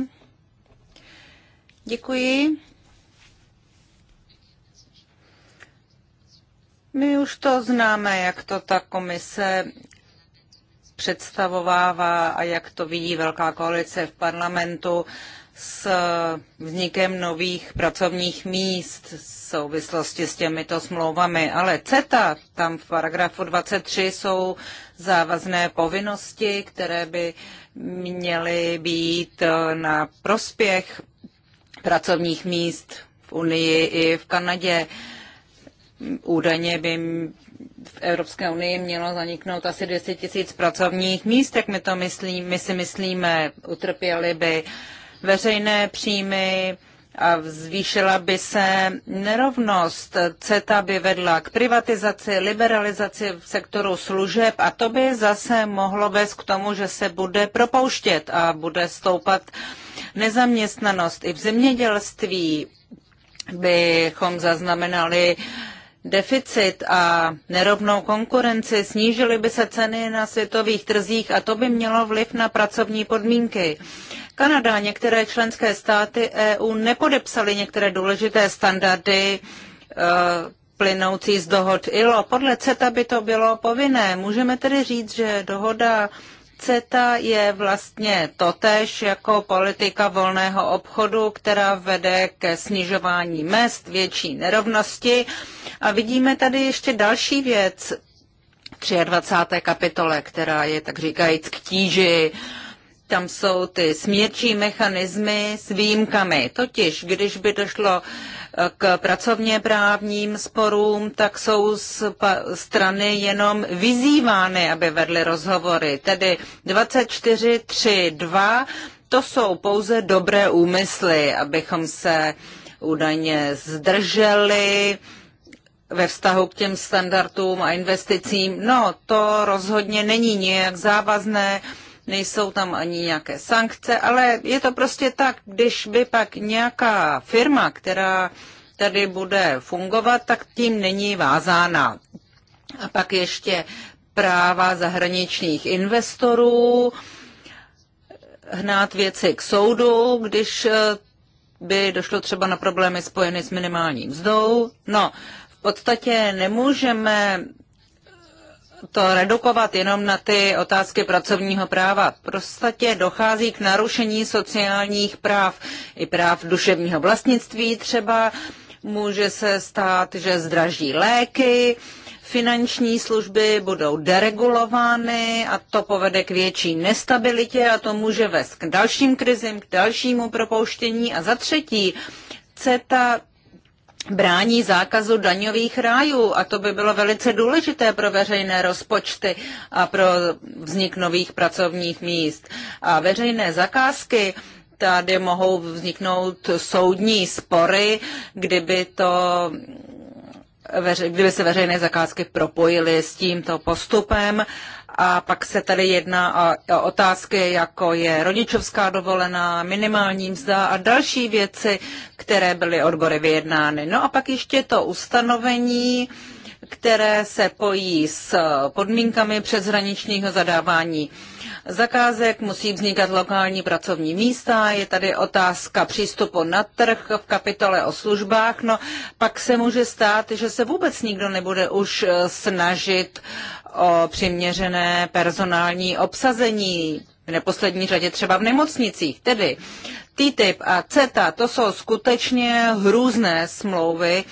Děkuji. My už to známe, jak to ta komise představovává a jak to vidí Velká koalice v parlamentu s eh, vznikem nových pracovních míst v souvislosti s těmito smlouvami. Ale CETA, tam v paragrafu 23 jsou závazné povinnosti, které by měly být eh, na prospěch pracovních míst v Unii i v Kanadě. Údajně by v Evropské unii mělo zaniknout asi 200 tisíc pracovních míst, tak my to myslí, my si myslíme, utrpěli by uh, veřejné příjmy a zvýšila by se nerovnost. CETA by vedla k privatizaci, liberalizaci v sektoru služeb a to by zase mohlo vést k tomu, že se bude propouštět a bude stoupat nezaměstnanost. I v zemědělství bychom zaznamenali deficit a nerovnou konkurenci, snížily by se ceny na světových trzích a to by mělo vliv na pracovní podmínky. Kanada, některé členské státy EU nepodepsaly některé důležité standardy e, plynoucí z dohod ILO. Podle CETA by to bylo povinné. Můžeme tedy říct, že dohoda CETA je vlastně totéž jako politika volného obchodu, která vede ke snižování mest, větší nerovnosti. A vidíme tady ještě další věc, 23. kapitole, která je tak říkajíc k tíži uh, tam jsou ty smírčí mechanismy s výjimkami. Totiž, když by došlo eh, k pracovně právním sporům, tak jsou z strany jenom vyzývány, aby vedly rozhovory. Tedy 24.3.2 to jsou pouze dobré úmysly, abychom se údajně zdrželi ve vztahu k těm standardům a investicím. No, to rozhodně není nějak závazné nejsou tam ani nějaké sankce, ale je to prostě tak, když by pak nějaká firma, která tady bude fungovat, tak tím není vázána. A pak ještě práva zahraničních investorů, hnát věci k soudu, když eh, by došlo třeba na problémy spojené s minimálním mzdou. No, v podstatě nemůžeme to redukovat jenom na ty otázky pracovního práva. V dochází k narušení sociálních práv i práv duševního vlastnictví třeba. Může se stát, že zdraží léky, finanční služby budou deregulovány a to povede k větší nestabilitě a to může vést k dalším krizím, k dalšímu propouštění. A za třetí, CETA brání zákazu daňových rájů a to by bylo velice důležité pro veřejné rozpočty a pro vznik nových pracovních míst. A veřejné zakázky, tady mohou vzniknout soudní spory, kdyby, to, kdyby se veřejné zakázky propojily s tímto postupem. A pak se tady jedná o otázky, jako je rodičovská dovolená, minimální mzda a další věci, které byly odbory vyjednány. No a pak ještě to ustanovení, které se pojí s podmínkami přeshraničního zadávání zakázek, musí vznikat lokální pracovní místa, je tady otázka přístupu na trh v kapitole o službách, no pak se může stát, že se vůbec nikdo nebude už eh, snažit o přiměřené personální obsazení, v neposlední řadě třeba v nemocnicích. Tedy TTIP a CETA, to jsou skutečně hrůzné smlouvy,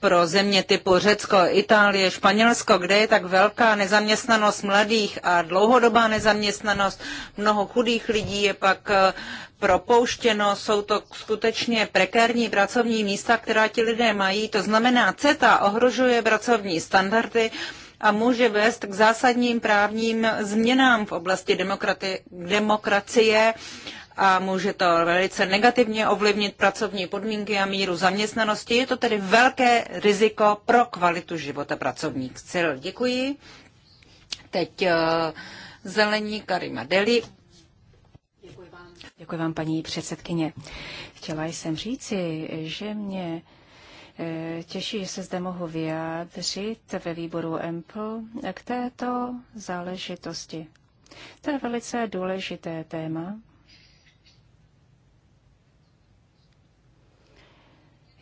pro země typu Řecko, Itálie, Španělsko, kde je tak velká nezaměstnanost mladých a dlouhodobá nezaměstnanost, mnoho chudých lidí je pak eh, propouštěno, jsou to skutečně prekérní pracovní místa, která ti lidé mají. To znamená, CETA ohrožuje pracovní standardy a může vést k zásadním právním změnám v oblasti demokrati- demokracie a může to velice negativně ovlivnit pracovní podmínky a míru zaměstnanosti. Je to tedy velké riziko pro kvalitu života pracovník. Cyril, Děkuji. Teď eh, zelení Karima Deli. Děkuji vám. Děkuji vám, paní předsedkyně. Chtěla jsem říci, že mě eh, Těší, že se zde mohu vyjádřit ve výboru EMPL k této záležitosti. To je velice důležité téma,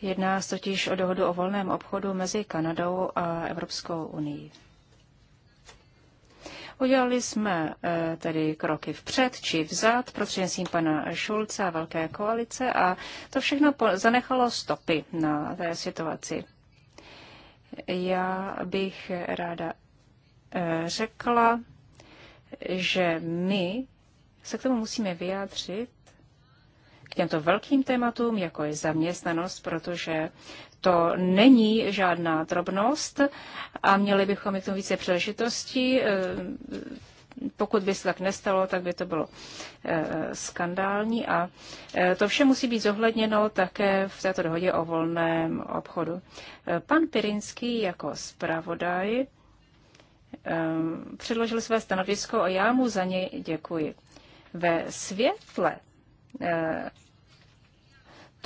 Jedná se totiž o dohodu o volném obchodu mezi Kanadou a Evropskou unii. Udělali jsme eh, tedy kroky vpřed či vzad prostřednictvím pana Šulce a Velké koalice a to všechno zanechalo stopy na té situaci. Já bych ráda eh, řekla, že my se k tomu musíme vyjádřit těmto velkým tématům, jako je zaměstnanost, protože to není žádná drobnost a měli bychom i k tomu více příležitostí. Eh, pokud by se tak nestalo, tak by to bylo eh, skandální a eh, to vše musí být zohledněno také v této dohodě o volném obchodu. Pan Pirinský jako zpravodaj předložil své stanovisko a já mu za něj děkuji. Ve světle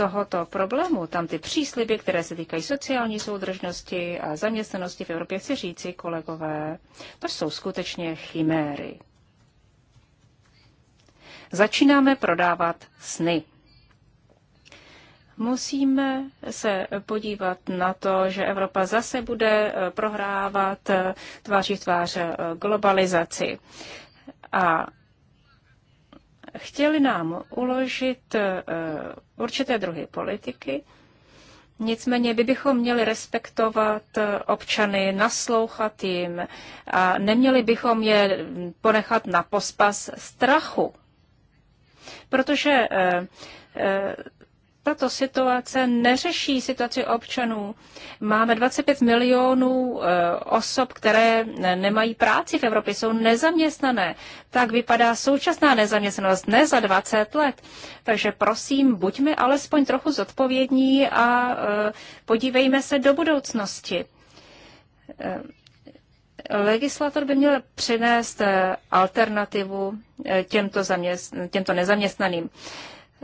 tohoto problému, tam ty přísliby, které se týkají sociální soudržnosti a zaměstnanosti v Evropě, chci říci, kolegové, to jsou skutečně chiméry. Začínáme prodávat sny. Musíme se podívat na to, že Evropa zase bude eh, prohrávat eh, tváří v tvář eh, globalizaci. A chtěli nám uložit určité druhy politiky. Nicméně by bychom měli respektovat eh, občany, naslouchat jim a neměli bychom je ponechat na pospas strachu. Protože eh, eh, tato situace neřeší situaci občanů. Máme 25 milionů eh, osob, které nemají práci v Evropě, jsou nezaměstnané. Tak vypadá současná nezaměstnanost ne za 20 let. Takže prosím, buďme alespoň trochu zodpovědní a eh, podívejme se do budoucnosti. Eh, legislator by měl přinést alternativu těmto, zaměst- těmto nezaměstnaným.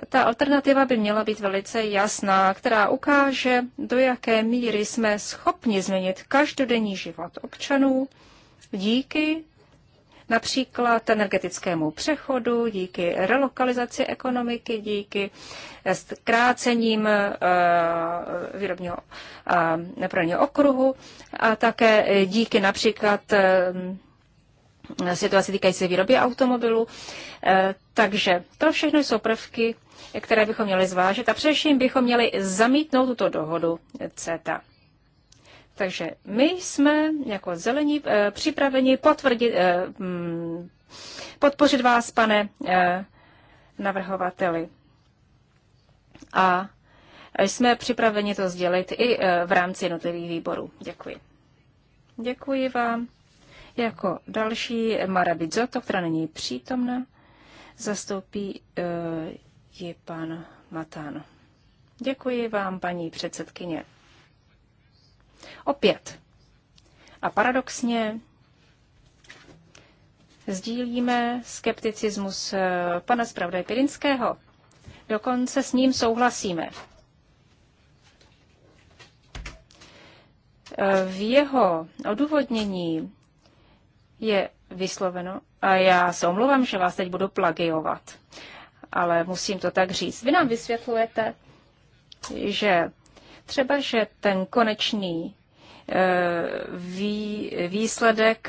Ta alternativa by měla být velice jasná, která ukáže, do jaké míry jsme schopni změnit každodenní život občanů díky například energetickému přechodu, díky relokalizaci ekonomiky, díky zkrácením eh, eh, výrobního eh, prvního okruhu a také díky například situaci týkající výroby automobilů. Takže to všechno jsou prvky, které bychom měli zvážit a především bychom měli zamítnout tuto dohodu CETA. Takže my jsme jako zelení eh, připraveni potvrdit, eh, mm, podpořit vás, pane eh, navrhovateli. A jsme připraveni to sdělit i v rámci jednotlivých výborů. Děkuji. Děkuji vám. Jako další Mara Bizzotto, která není přítomna, zastoupí je pan Matán. Děkuji vám, paní předsedkyně. Opět. A paradoxně sdílíme skepticismus eh, pana zpravodaje Pirinského. Dokonce s ním souhlasíme. Eh, v jeho odůvodnění je vysloveno, a já se omlouvám, že vás teď budu plagiovat, ale musím to tak říct. Vy nám vysvětlujete, že třeba, že ten konečný eh, výsledek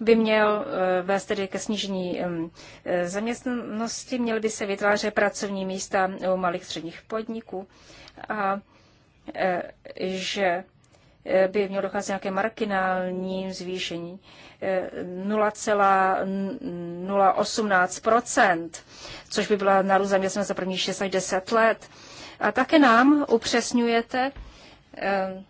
by měl eh, vést tedy ke snížení eh, zaměstnanosti, měly by se vytvářet pracovní místa u malých středních podniků a že by mělo docházet nějaké marginální zvýšení 0,018%, což by byla na zaměstnanost za první 6 až 10 let. A také nám upřesňujete, eh,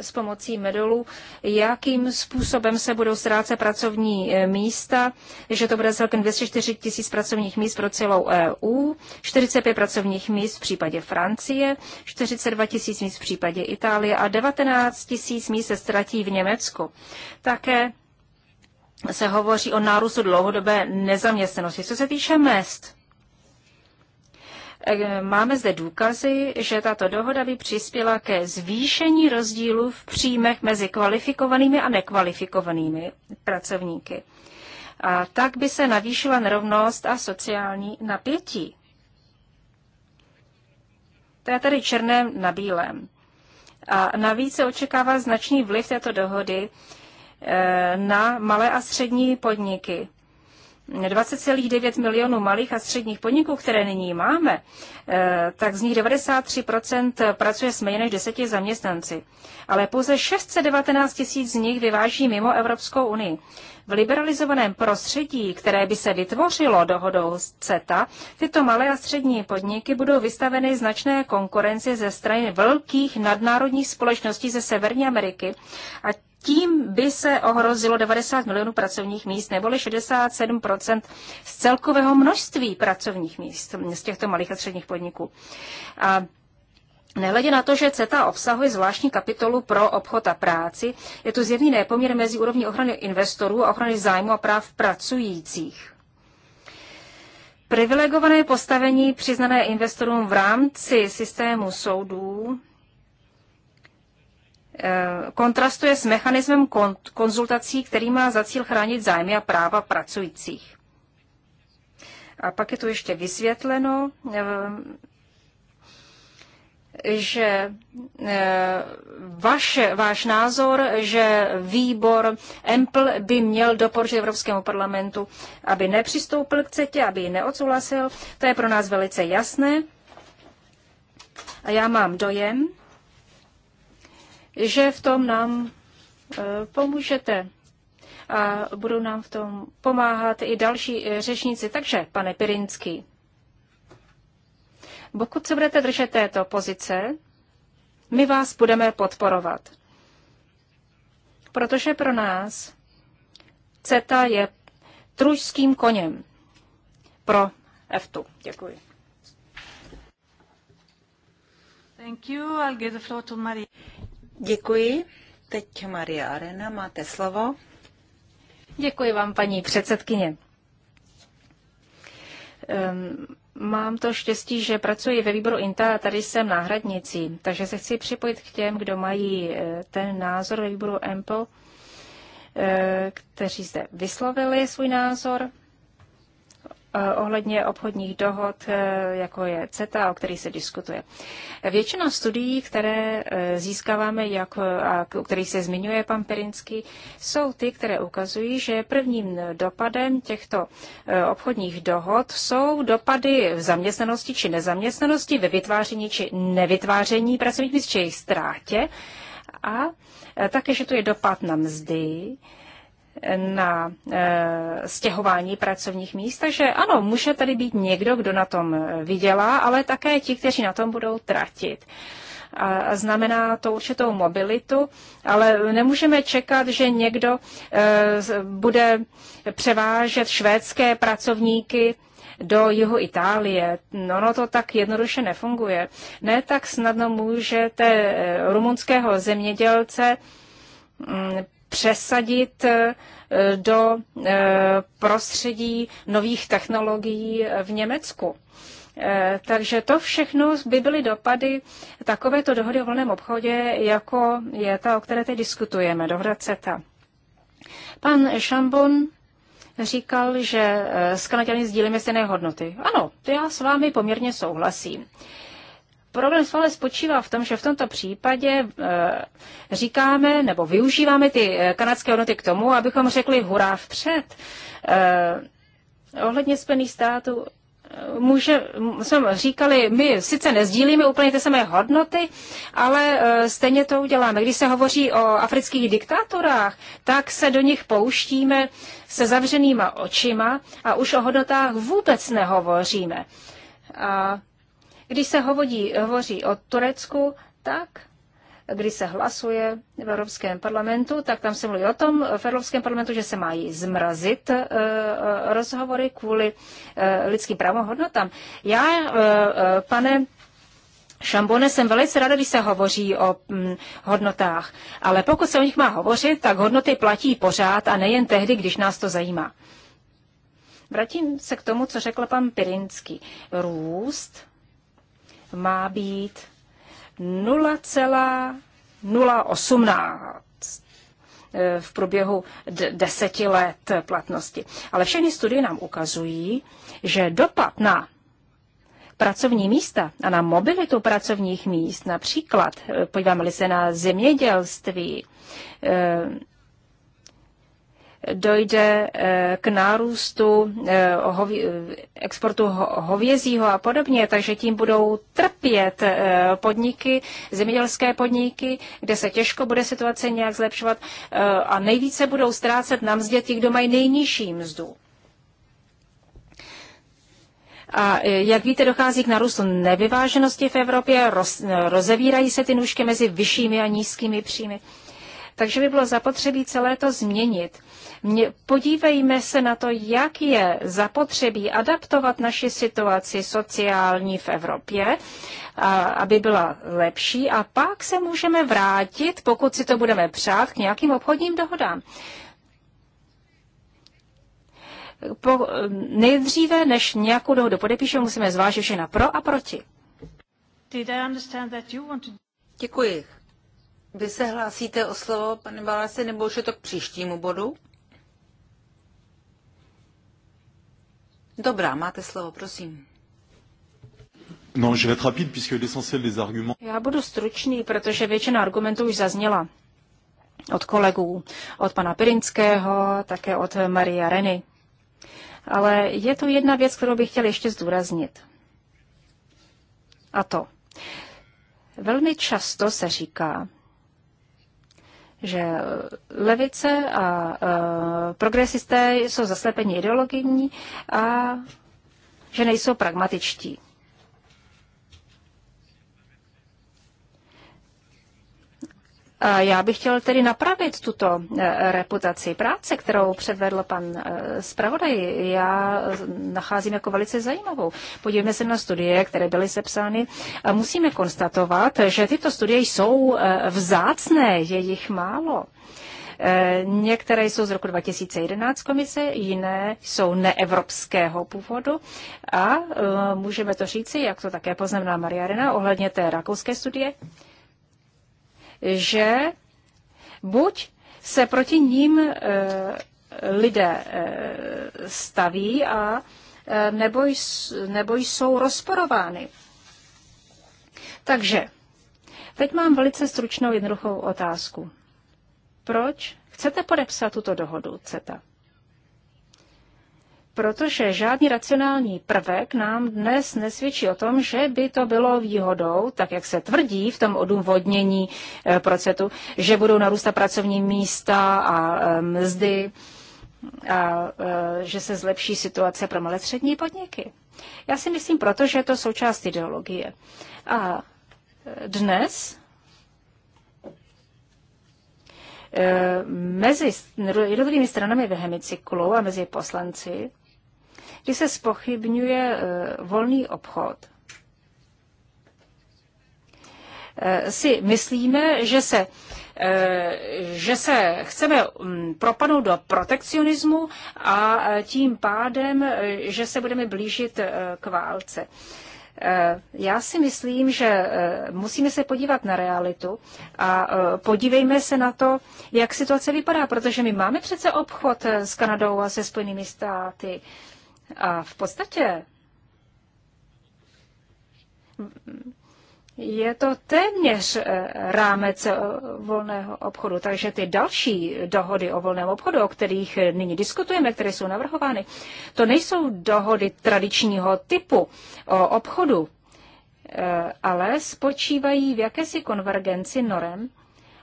s pomocí medolu, jakým způsobem se budou ztrácet pracovní e, místa, že to bude celkem 204 tisíc pracovních míst pro celou EU, 45 pracovních míst v případě Francie, 42 tisíc míst v případě Itálie a 19 tisíc míst se ztratí v Německu. Také se hovoří o nárůstu dlouhodobé nezaměstnanosti. Co se týče mest, Eh, máme zde důkazy, že tato dohoda by přispěla ke zvýšení rozdílu v příjmech mezi kvalifikovanými a nekvalifikovanými pracovníky. A tak by se navýšila nerovnost a sociální napětí. To je tady černé na bílém. A navíc se očekává značný vliv této dohody eh, na malé a střední podniky, 20,9 milionů malých a středních podniků, které nyní máme, eh, tak z nich 93% pracuje s méně než 10 zaměstnanci. Ale pouze 619 tisíc z nich vyváží mimo Evropskou unii. V liberalizovaném prostředí, které by se vytvořilo dohodou z CETA, tyto malé a střední podniky budou vystaveny značné konkurenci ze strany velkých nadnárodních společností ze Severní Ameriky a tím by se ohrozilo 90 milionů pracovních míst neboli 67 z celkového množství pracovních míst z těchto malých a středních podniků. A Nehledě na to, že CETA obsahuje zvláštní kapitolu pro obchod a práci, je tu zjevný nepoměr mezi úrovní ochrany investorů a ochrany zájmu a práv pracujících. Privilegované postavení přiznané investorům v rámci systému soudů Eh, kontrastuje s mechanismem konzultací, který má za cíl chránit zájmy a práva pracujících. A pak je tu ještě vysvětleno, eh, že eh, vaše, váš názor, že výbor EMPL by měl doporučit Evropskému parlamentu, aby nepřistoupil k CETě, aby ji neodsouhlasil, to je pro nás velice jasné. A já mám dojem, že v tom nám eh, pomůžete a budou nám v tom pomáhat i další eh, řečníci. Takže, pane Pirinský, pokud se budete držet této pozice, my vás budeme podporovat. Protože pro nás CETA je trůžským koněm pro EFTU. Děkuji. Thank you. I'll give the floor to Marie. Děkuji. Teď Maria Arena, máte slovo. Děkuji vám, paní předsedkyně. Um, Mám to štěstí, že pracuji ve výboru INTA a tady jsem náhradnicí, takže se chci připojit k těm, kdo mají eh, ten názor ve výboru EMPL, eh, kteří zde vyslovili svůj názor. Eh, ohledně obchodních dohod, eh, jako je CETA, o který se diskutuje. Většina studií, které eh, získáváme jako, a o kterých se zmiňuje pan Perinsky, jsou ty, které ukazují, že prvním dopadem těchto obchodních dohod jsou dopady v zaměstnanosti či nezaměstnanosti, ve vytváření či nevytváření pracovních míst, či jejich ztrátě a také, že to je dopad na mzdy, na e, stěhování pracovních míst. Takže ano, může tady být někdo, kdo na tom e, vydělá, ale také ti, kteří na tom budou tratit. A znamená to určitou mobilitu, ale nemůžeme čekat, že někdo e, bude převážet švédské pracovníky do jihu Itálie. No, no to tak jednoduše nefunguje. Ne tak snadno můžete rumunského zemědělce mm, přesadit eh, do eh, prostředí nových technologií v Německu. Eh, takže to všechno by byly dopady takovéto dohody o volném obchodě, jako je ta, o které teď diskutujeme, dohoda CETA. Pan Šambon říkal, že s Kanaděny sdílíme stejné hodnoty. Ano, to já s vámi poměrně souhlasím. Problém svále spočívá v tom, že v tomto případě eh, říkáme nebo využíváme ty eh, kanadské hodnoty k tomu, abychom řekli hurá vpřed. Eh, ohledně Spojených států může, jsme říkali, my sice nezdílíme úplně ty samé hodnoty, ale stejně to uděláme. Když se hovoří o afrických diktátorách, tak se do nich pouštíme se zavřenýma očima a už o hodnotách vůbec nehovoříme. A když se hovodí, hovoří o Turecku, tak když se hlasuje v Evropském parlamentu, tak tam se mluví o tom v Evropském parlamentu, že se mají zmrazit eh, eh, rozhovory kvůli eh, lidským právům hodnotám. Já, pane Šambone, jsem velice ráda, když se hovoří o mm, hodnotách, ale pokud se o nich má hovořit, tak hodnoty platí pořád a nejen tehdy, když nás to zajímá. Vrátím se k tomu, co řekl pan Pirinský. Růst má být 0,018 eh, v průběhu deseti let platnosti. Ale všechny studie nám ukazují, že dopad na pracovní místa a na mobilitu pracovních míst, například eh, podíváme-li se na zemědělství, eh, dojde eh, k nárůstu eh, exportu hovězího a podobně, takže tím budou trpět eh, podniky, zemědělské podniky, kde se těžko bude situace nějak zlepšovat a nejvíce budou ztrácet na mzdě ti, kdo mají nejnižší mzdu. A jak víte, dochází k narůstu nevyváženosti v Evropě, roz, rozevírají se ty nůžky mezi vyššími a nízkými příjmy. Takže by bylo zapotřebí celé to změnit. Podívejme se na to, jak je zapotřebí adaptovat naši situaci sociální v Evropě, aby byla lepší a pak se můžeme vrátit, pokud si to budeme přát, k nějakým obchodním dohodám po, nejdříve, než nějakou dohodu podepíšeme, musíme zvážit na pro a proti. Děkuji. Vy se hlásíte o slovo, pane Balase, nebo už je to k příštímu bodu? Dobrá, máte slovo, prosím. No, je vais être rapide, puisque l'essentiel des arguments... Já budu stručný, protože většina argumentů už zazněla od kolegů, od pana Pirinského, také od Maria Reny. Ale je tu jedna věc, kterou bych chtěl ještě zdůraznit. A to. Velmi často se říká, že levice a e, progresisté jsou zaslepeni ideologiní a že nejsou pragmatičtí. Já bych chtěl tedy napravit tuto eh, reputaci práce, kterou předvedl pan eh, zpravodaj. Já nacházím jako velice zajímavou. Podívejme se na studie, které byly sepsány. Musíme konstatovat, že tyto studie jsou eh, vzácné, je jich málo. Některé jsou z roku 2011 komise, jiné jsou neevropského původu a můžeme to říci, jak to také poznamená Maria Rena ohledně té rakouské studie, že buď se proti ním eh, lidé eh, staví a eh, nebo, nebo jsou rozporovány. Takže teď mám velice stručnou jednoduchou otázku. Proč chcete podepsat tuto dohodu CETA? protože žádný racionální prvek nám dnes nesvědčí o tom, že by to bylo výhodou, tak jak se tvrdí v tom odůvodnění eh, procetu, že budou narůstat pracovní místa a eh, mzdy a eh, že se zlepší situace pro malé střední podniky. Já si myslím protože je to součást ideologie. A dnes mezi jednotlivými stranami v hemicyklu a mezi poslanci kdy se spochybňuje eh, volný obchod, eh, si myslíme, že se, eh, že se chceme mm, propadnout do protekcionismu a tím pádem, že se budeme blížit k válce. Já si myslím, že musíme se podívat na realitu a podívejme se na to, jak situace vypadá, protože my máme přece obchod s Kanadou a se Spojenými státy. A v podstatě je to téměř eh, rámec eh, volného obchodu, takže ty další dohody o volném obchodu, o kterých nyní diskutujeme, které jsou navrhovány, to nejsou dohody tradičního typu o obchodu, eh, ale spočívají v jakési konvergenci norem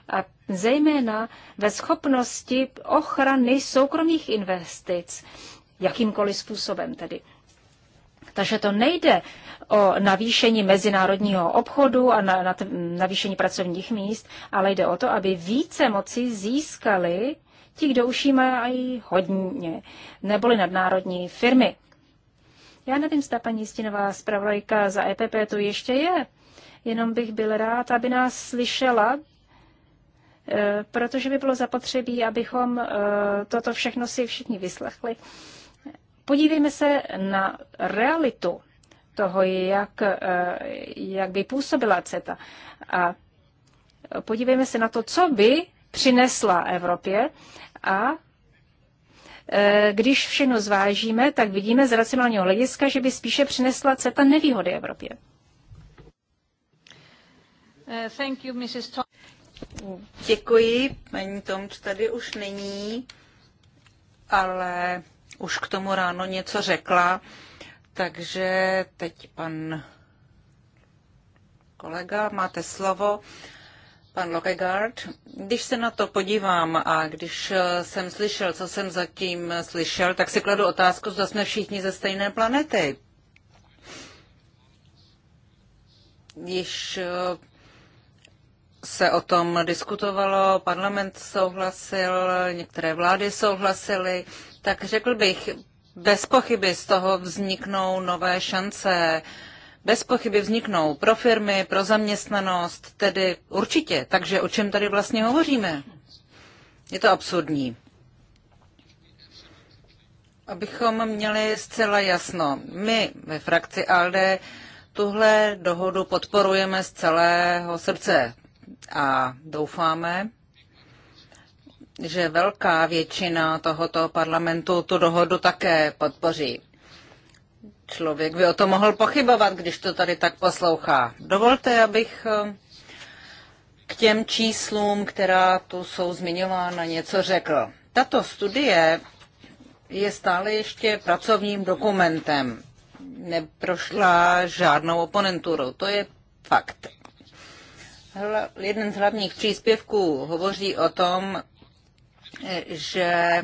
a zejména ve schopnosti ochrany soukromých investic jakýmkoliv způsobem tedy. Takže to nejde o navýšení mezinárodního obchodu a na, na, navýšení pracovních míst, ale jde o to, aby více moci získali ti, kdo už jí mají hodně, neboli nadnárodní firmy. Já nevím, zda paní Stinová zpravodajka za EPP tu ještě je. Jenom bych byl rád, aby nás slyšela, e, protože by bylo zapotřebí, abychom e, toto všechno si všichni vyslechli Podívejme se na realitu toho, jak, eh, jak by působila CETA. A podívejme se na to, co by přinesla Evropě a eh, když všechno zvážíme, tak vidíme z racionálního hlediska, že by spíše přinesla CETA nevýhody Evropě. Eh, thank you, Mrs. Tom. Děkuji, paní Tomč tady už není, ale už k tomu ráno něco řekla, takže teď pan kolega, máte slovo. Pan Lokegaard, když se na to podívám a když jsem slyšel, co jsem zatím slyšel, tak si kladu otázku, zda jsme všichni ze stejné planety. Když eh, se o tom diskutovalo, parlament souhlasil, některé vlády souhlasily, tak řekl bych, bez pochyby z toho vzniknou nové šance. Bez pochyby vzniknou pro firmy, pro zaměstnanost, tedy určitě. Takže o čem tady vlastně hovoříme? Je to absurdní. Abychom měli zcela jasno, my ve frakci ALDE tuhle dohodu podporujeme z celého srdce a doufáme, že velká většina tohoto parlamentu tu dohodu také podpoří. Člověk by o to mohl pochybovat, když to tady tak poslouchá. Dovolte, abych eh, k těm číslům, která tu jsou zmiňována, něco řekl. Tato studie je stále ještě pracovním dokumentem. Neprošla žádnou oponenturu. To je fakt. Jeden z hlavních příspěvků hovoří o tom, že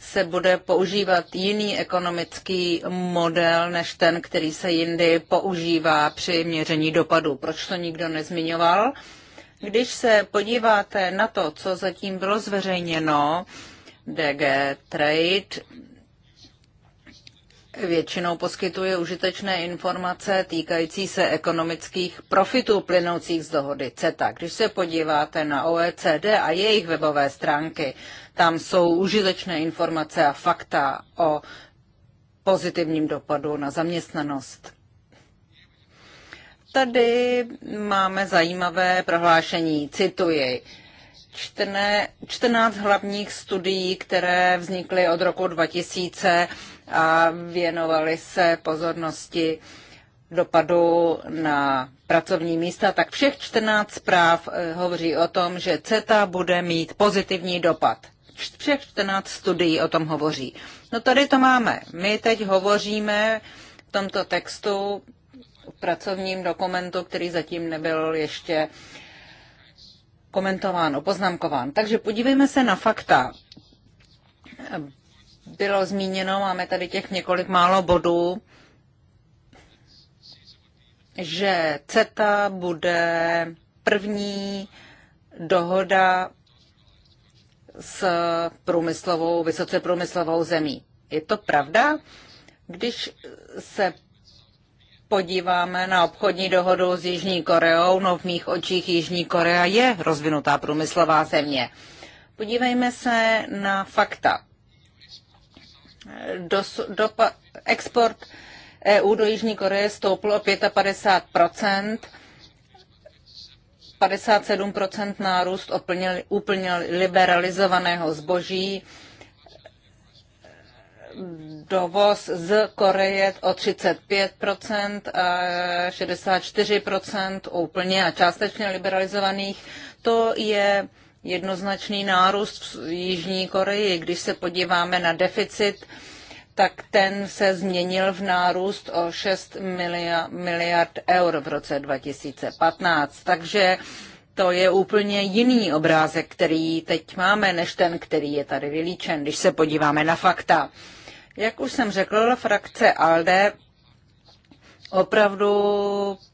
se bude používat jiný ekonomický model než ten, který se jindy používá při měření dopadu. Proč to nikdo nezmiňoval? Když se podíváte na to, co zatím bylo zveřejněno, DG Trade většinou poskytuje užitečné informace týkající se ekonomických profitů plynoucích z dohody CETA. Když se podíváte na OECD a jejich webové stránky, tam jsou užitečné informace a fakta o pozitivním dopadu na zaměstnanost. Tady máme zajímavé prohlášení, cituji. 14 hlavních studií, které vznikly od roku 2000, a věnovali se pozornosti dopadu na pracovní místa, tak všech 14 zpráv eh, hovoří o tom, že CETA bude mít pozitivní dopad. Všech 14 studií o tom hovoří. No tady to máme. My teď hovoříme v tomto textu, v pracovním dokumentu, který zatím nebyl ještě komentován, opoznamkován. Takže podívejme se na fakta bylo zmíněno, máme tady těch několik málo bodů, že CETA bude první dohoda s průmyslovou, vysoce průmyslovou zemí. Je to pravda? Když se podíváme na obchodní dohodu s Jižní Koreou, no v mých očích Jižní Korea je rozvinutá průmyslová země. Podívejme se na fakta do, do, export EU do Jižní Koreje stoupl o 55 57 nárůst úplně, úplně liberalizovaného zboží, dovoz z Koreje o 35 a 64 úplně a částečně liberalizovaných. To je jednoznačný nárůst v Jižní Koreji. Když se podíváme na deficit, tak ten se změnil v nárůst o 6 miliard, eur v roce 2015. Takže to je úplně jiný obrázek, který teď máme, než ten, který je tady vylíčen, když se podíváme na fakta. Jak už jsem řekl, frakce ALDE opravdu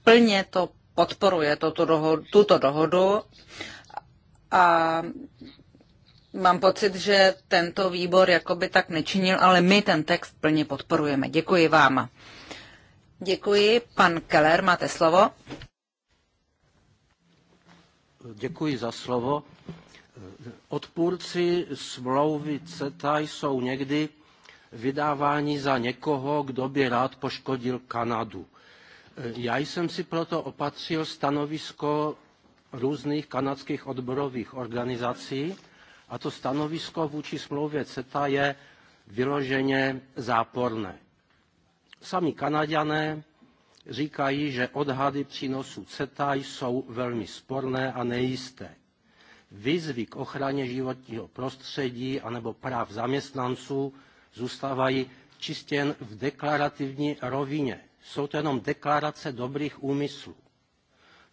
plně to podporuje toto dohodu, tuto dohodu a mám pocit, že tento výbor jakoby tak nečinil, ale my ten text plně podporujeme. Děkuji vám. Děkuji. Pan Keller, máte slovo. Děkuji za slovo. Odpůrci smlouvy CETA jsou někdy vydáváni za někoho, kdo by rád poškodil Kanadu. Já jsem si proto opatřil stanovisko různých kanadských odborových organizací a to stanovisko vůči smlouvě CETA je vyloženě záporné. Sami Kanaďané říkají, že odhady přínosů CETA jsou velmi sporné a nejisté. Výzvy k ochraně životního prostředí anebo práv zaměstnanců zůstávají čistě jen v deklarativní rovině. Jsou to jenom deklarace dobrých úmyslů.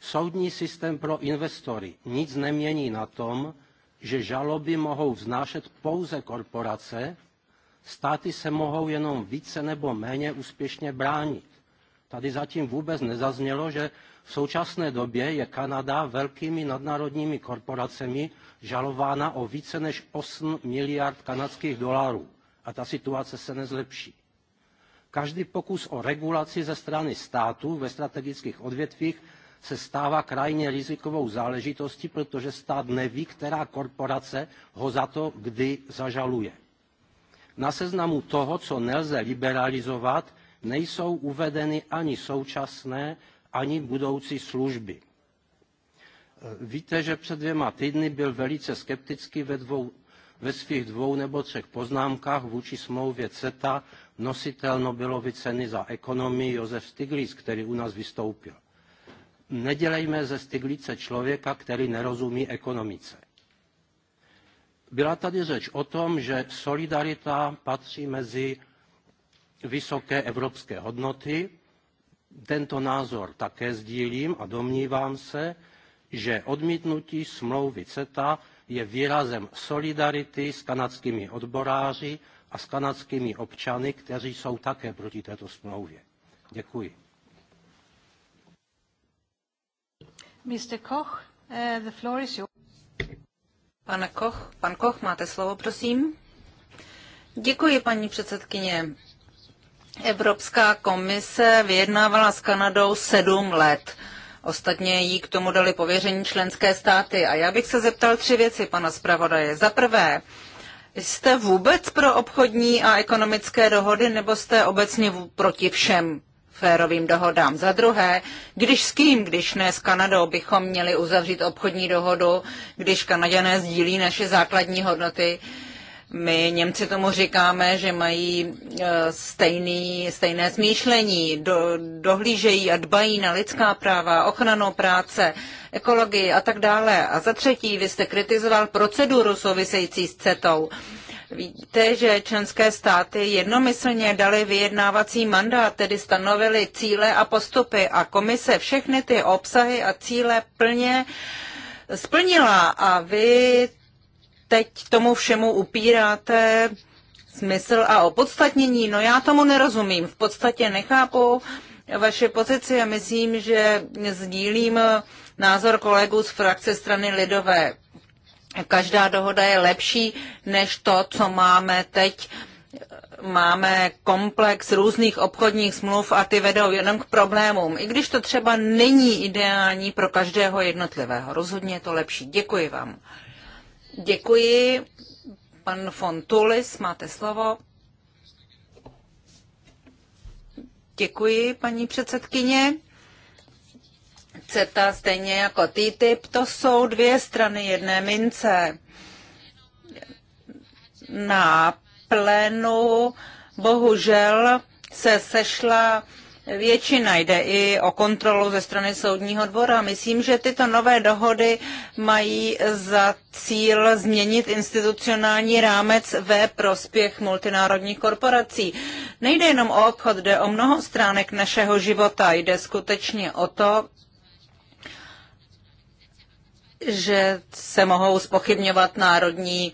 Soudní systém pro investory nic nemění na tom, že žaloby mohou vznášet pouze korporace, státy se mohou jenom více nebo méně úspěšně bránit. Tady zatím vůbec nezaznělo, že v současné době je Kanada velkými nadnárodními korporacemi žalována o více než 8 miliard kanadských dolarů. A ta situace se nezlepší. Každý pokus o regulaci ze strany státu ve strategických odvětvích se stává krajně rizikovou záležitostí, protože stát neví, která korporace ho za to kdy zažaluje. Na seznamu toho, co nelze liberalizovat, nejsou uvedeny ani současné, ani budoucí služby. Víte, že před dvěma týdny byl velice skeptický ve, dvou, ve svých dvou nebo třech poznámkách vůči smlouvě CETA nositel Nobelovy ceny za ekonomii Josef Stiglitz, který u nás vystoupil nedělejme ze styglíce člověka, který nerozumí ekonomice. Byla tady řeč o tom, že solidarita patří mezi vysoké evropské hodnoty. Tento názor také sdílím a domnívám se, že odmítnutí smlouvy CETA je výrazem solidarity s kanadskými odboráři a s kanadskými občany, kteří jsou také proti této smlouvě. Děkuji. Mr. Koch, eh, the floor is yours. Pane Koch, pan Koch, máte slovo, prosím. Děkuji, paní předsedkyně. Evropská komise vyjednávala s Kanadou sedm let. Ostatně jí k tomu dali pověření členské státy. A já bych se zeptal tři věci, pana zpravodaje. Za prvé, jste vůbec pro obchodní a ekonomické dohody, nebo jste obecně proti všem férovým dohodám. Za druhé, když s kým, když ne s Kanadou, bychom měli uzavřít obchodní dohodu, když Kanaděné sdílí naše základní hodnoty, my Němci tomu říkáme, že mají e, stejný, stejné smýšlení, do, dohlížejí a dbají na lidská práva, ochranu práce, ekologii a tak dále. A za třetí, vy jste kritizoval proceduru související s CETou. Uh, Víte, že členské státy jednomyslně dali vyjednávací mandát, tedy stanovili cíle a postupy a komise všechny ty obsahy a cíle plně splnila a vy teď tomu všemu upíráte smysl a opodstatnění. No já tomu nerozumím, v podstatě nechápu vaše pozici a myslím, že sdílím názor kolegů z frakce strany Lidové Každá dohoda je lepší než to, co máme teď. Máme komplex různých obchodních smluv a ty vedou jenom k problémům. I když to třeba není ideální pro každého jednotlivého. Rozhodně je to lepší. Děkuji vám. Děkuji. Pan Fontulis, máte slovo. Děkuji, paní předsedkyně. CETA stejně jako TTIP, to jsou dvě strany jedné mince. Na plénu bohužel se sešla většina. Jde i o kontrolu ze strany soudního dvora. Myslím, že tyto nové dohody mají za cíl změnit institucionální rámec ve prospěch multinárodních korporací. Nejde jenom o obchod, jde o mnoho stránek našeho života. Jde skutečně o to, že se mohou spochybňovat národní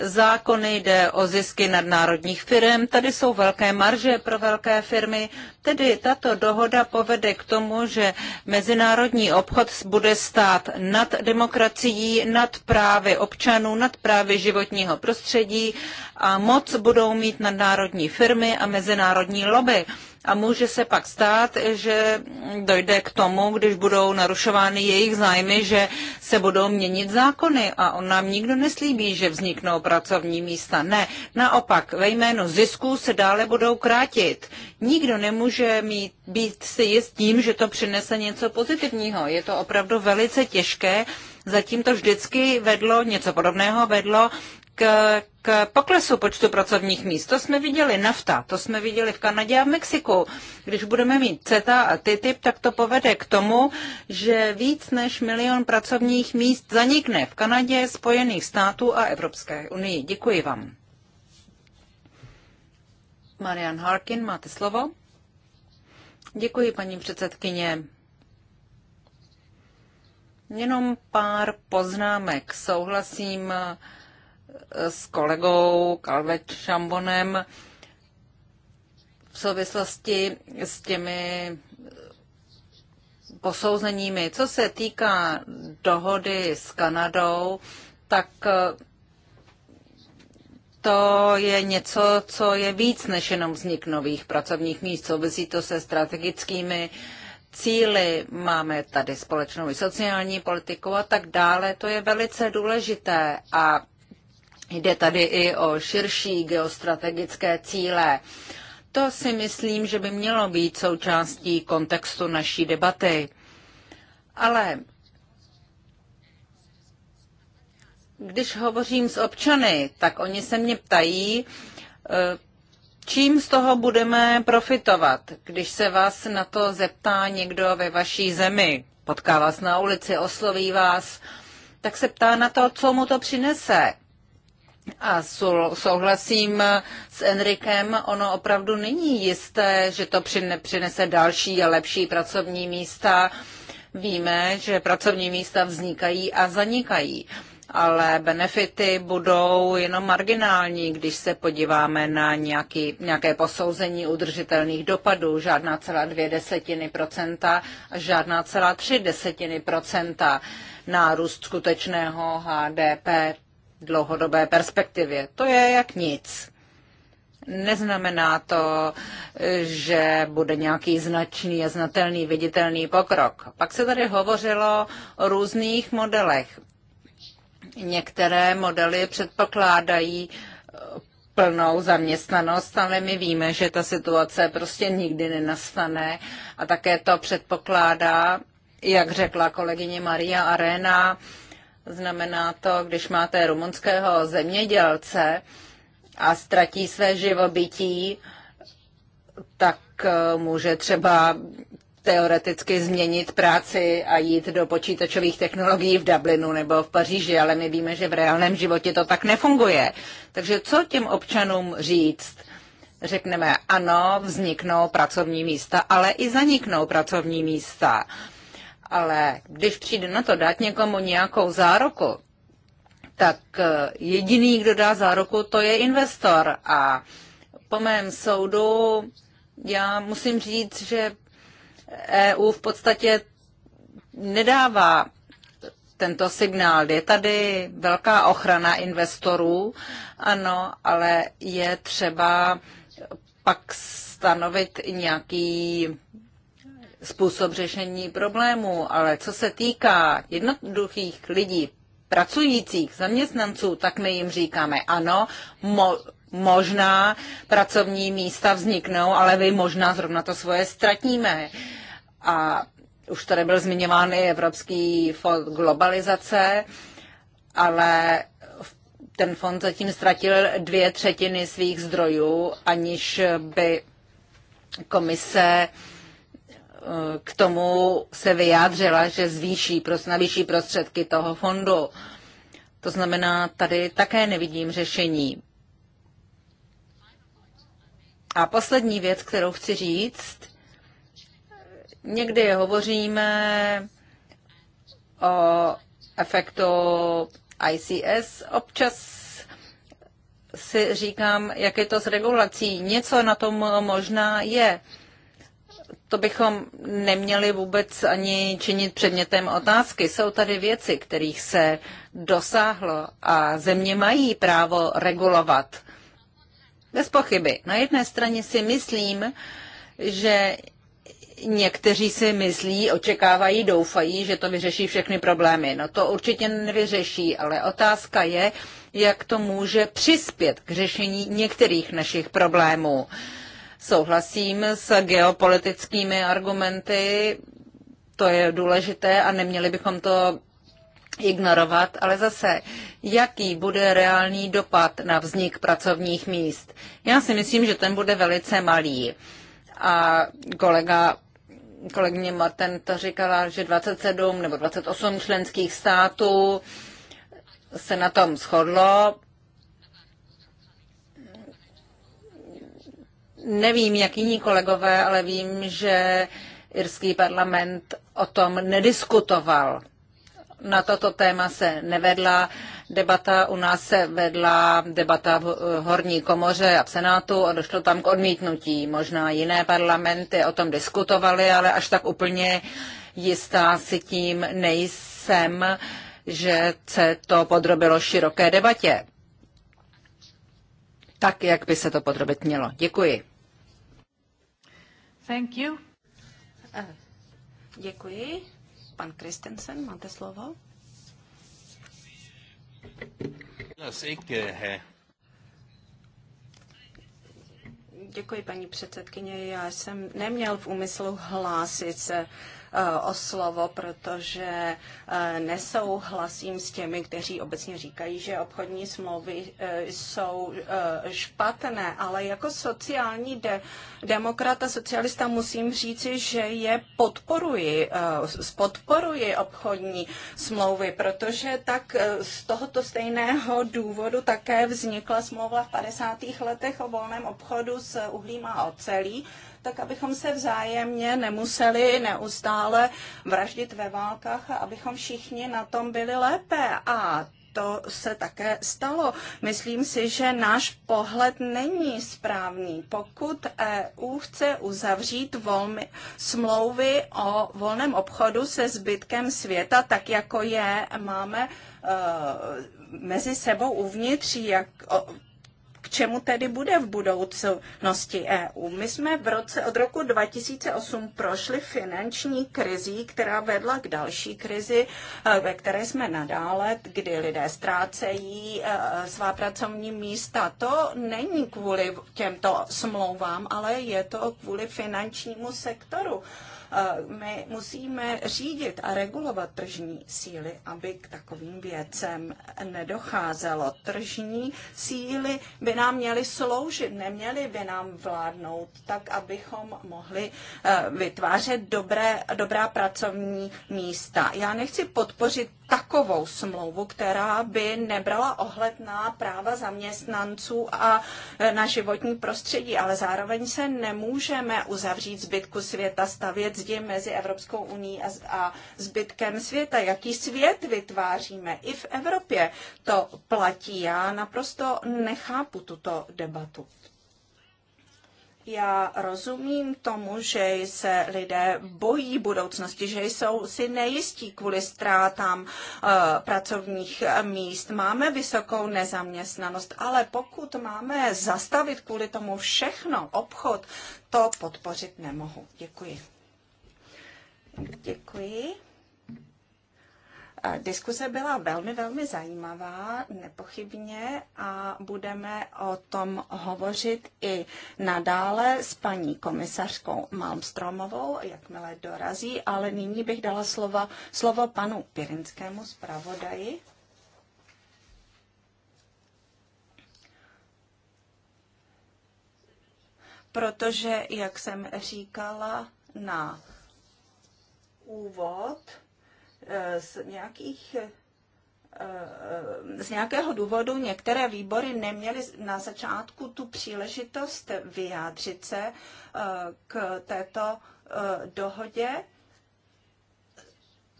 zákony, jde o zisky nadnárodních firm, tady jsou velké marže pro velké firmy, tedy tato dohoda povede k tomu, že mezinárodní obchod bude stát nad demokracií, nad právy občanů, nad právy životního prostředí a moc budou mít nadnárodní firmy a mezinárodní lobby a může se pak stát, že dojde k tomu, když budou narušovány jejich zájmy, že se budou měnit zákony a on nám nikdo neslíbí, že vzniknou pracovní místa. Ne, naopak, ve jménu zisku se dále budou krátit. Nikdo nemůže mít, být si jist tím, že to přinese něco pozitivního. Je to opravdu velice těžké. Zatím to vždycky vedlo, něco podobného vedlo k, k poklesu počtu pracovních míst. To jsme viděli nafta, to jsme viděli v Kanadě a v Mexiku. Když budeme mít CETA a TTIP, tak to povede k tomu, že víc než milion pracovních míst zanikne v Kanadě, Spojených států a Evropské unii. Děkuji vám. Marian Harkin, máte slovo. Děkuji, paní předsedkyně. Jenom pár poznámek. Souhlasím uh, s kolegou Calvet Šambonem v souvislosti s těmi posouzeními. Co se týká dohody s Kanadou, tak eh, to je něco, co je víc než jenom vznik nových pracovních míst. Souvisí to se strategickými cíly. Máme tady společnou i sociální politiku a tak dále. To je velice důležité a Jde tady i o širší geostrategické cíle. To si myslím, že by mělo být součástí kontextu naší debaty. Ale když hovořím s občany, tak oni se mě ptají, eh, čím z toho budeme profitovat, když se vás na to zeptá někdo ve vaší zemi, potká vás na ulici, osloví vás, tak se ptá na to, co mu to přinese. A souhlasím s Enrikem, ono opravdu není jisté, že to přinese další a lepší pracovní místa. Víme, že pracovní místa vznikají a zanikají, ale benefity budou jenom marginální, když se podíváme na nějaký, nějaké posouzení udržitelných dopadů, žádná celá dvě desetiny procenta a žádná celá tři desetiny procenta nárůst skutečného HDP dlouhodobé perspektivě. To je jak nic. Neznamená to, že bude nějaký značný a znatelný viditelný pokrok. Pak se tady hovořilo o různých modelech. Některé modely předpokládají plnou zaměstnanost, ale my víme, že ta situace prostě nikdy nenastane a také to předpokládá, jak řekla kolegyně Maria Arena, Znamená to, když máte rumunského zemědělce a ztratí své živobytí, tak eh, může třeba teoreticky změnit práci a jít do počítačových technologií v Dublinu nebo v Paříži, ale my víme, že v reálném životě to tak nefunguje. Takže co těm občanům říct? Řekneme, ano, vzniknou pracovní místa, ale i zaniknou pracovní místa. Uh, ale když přijde na to dát někomu nějakou záruku, tak eh, jediný, kdo dá záruku, to je investor. A po mém soudu já musím říct, že EU v podstatě nedává tento signál. Je tady velká ochrana investorů, ano, ale je třeba pak stanovit nějaký způsob řešení problémů, ale co se týká jednoduchých lidí, pracujících zaměstnanců, tak my jim říkáme ano, mo- možná pracovní místa vzniknou, ale vy možná zrovna to svoje ztratíme. A už tady byl zmiňován i Evropský fond globalizace, ale ten fond zatím ztratil dvě třetiny svých zdrojů, aniž by komise uh, Eh, k tomu se vyjádřila, že zvýší, navýší prostředky toho fondu. To znamená, tady také nevidím řešení. A poslední věc, kterou chci říct, někdy hovoříme o efektu ICS, občas si říkám, jak je to s regulací. Něco na tom možná je to bychom neměli vůbec ani činit předmětem otázky. Jsou tady věci, kterých se dosáhlo a země mají právo regulovat. Bez pochyby. Na jedné straně si myslím, že někteří si myslí, očekávají, doufají, že to vyřeší všechny problémy. No to určitě nevyřeší, ale otázka je, jak to může přispět k řešení některých našich problémů. Uh, Souhlasím s geopolitickými argumenty, to je důležité a neměli bychom to ignorovat, ale zase, jaký bude reálný dopad na vznik pracovních míst? Já si myslím, že ten bude velice malý. A kolega, kolegyně Martin to říkala, že 27 nebo 28 členských států se na tom shodlo. Nevím, jak jiní kolegové, ale vím, že irský parlament o tom nediskutoval. Na toto téma se nevedla debata, u nás se vedla debata v horní komoře a v senátu a došlo tam k odmítnutí. Možná jiné parlamenty o tom diskutovaly, ale až tak úplně jistá si tím nejsem, že se to podrobilo široké debatě. Tak, jak by se to podrobit mělo. Děkuji. Thank you. Eh, děkuji. Pan Kristensen, máte slovo. Děkuji, paní předsedkyně. Já jsem neměl v úmyslu hlásit se Eh, o slovo, protože eh, nesouhlasím s těmi, kteří obecně říkají, že obchodní smlouvy eh, jsou špatné, ale jako sociální de- demokrat a socialista musím říci, že je podporuji, podporuji obchodní smlouvy, protože tak z tohoto stejného důvodu také vznikla smlouva v 50. letech o volném obchodu s uhlím a ocelí, tak abychom se vzájemně nemuseli neustále vraždit ve válkách a abychom všichni na tom byli lépe. A to se také stalo. Myslím si, že náš pohled není správný. Pokud EU chce uzavřít volmi, smlouvy o volném obchodu se zbytkem světa, tak jako je máme eh, mezi sebou uvnitř, jak čemu tedy bude v budoucnosti EU. My jsme v roce od roku 2008 prošli finanční krizí, která vedla k další krizi, eh, ve které jsme nadále, kdy lidé ztrácejí eh, svá pracovní místa. To není kvůli těmto smlouvám, ale je to kvůli finančnímu sektoru. Eh, my musíme řídit a regulovat tržní síly, aby k takovým věcem nedocházelo. Tržní síly by nám měly sloužit, neměly by nám vládnout, tak abychom mohli eh, vytvářet dobré, dobrá pracovní místa. Já nechci podpořit takovou smlouvu, která by nebrala ohled na práva zaměstnanců a e, na životní prostředí, ale zároveň se nemůžeme uzavřít zbytku světa, stavět zdi mezi Evropskou uní a zbytkem světa. Jaký svět vytváříme? I v Evropě to platí. Já naprosto nechápu tuto debatu. Já rozumím tomu, že se lidé bojí budoucnosti, že jsou si nejistí kvůli ztrátám eh, pracovních míst. Máme vysokou nezaměstnanost, ale pokud máme zastavit kvůli tomu všechno, obchod, to podpořit nemohu. Děkuji. Děkuji. Eh, diskuse byla velmi, velmi zajímavá, nepochybně, a budeme o tom hovořit i nadále s paní komisařkou Malmstromovou, jakmile dorazí, ale nyní bych dala slova, slovo panu Pirinskému zpravodaji. Protože, jak jsem říkala na úvod, Eh, z nějakých eh, eh, z nějakého důvodu některé výbory neměly na začátku tu příležitost vyjádřit se k této dohodě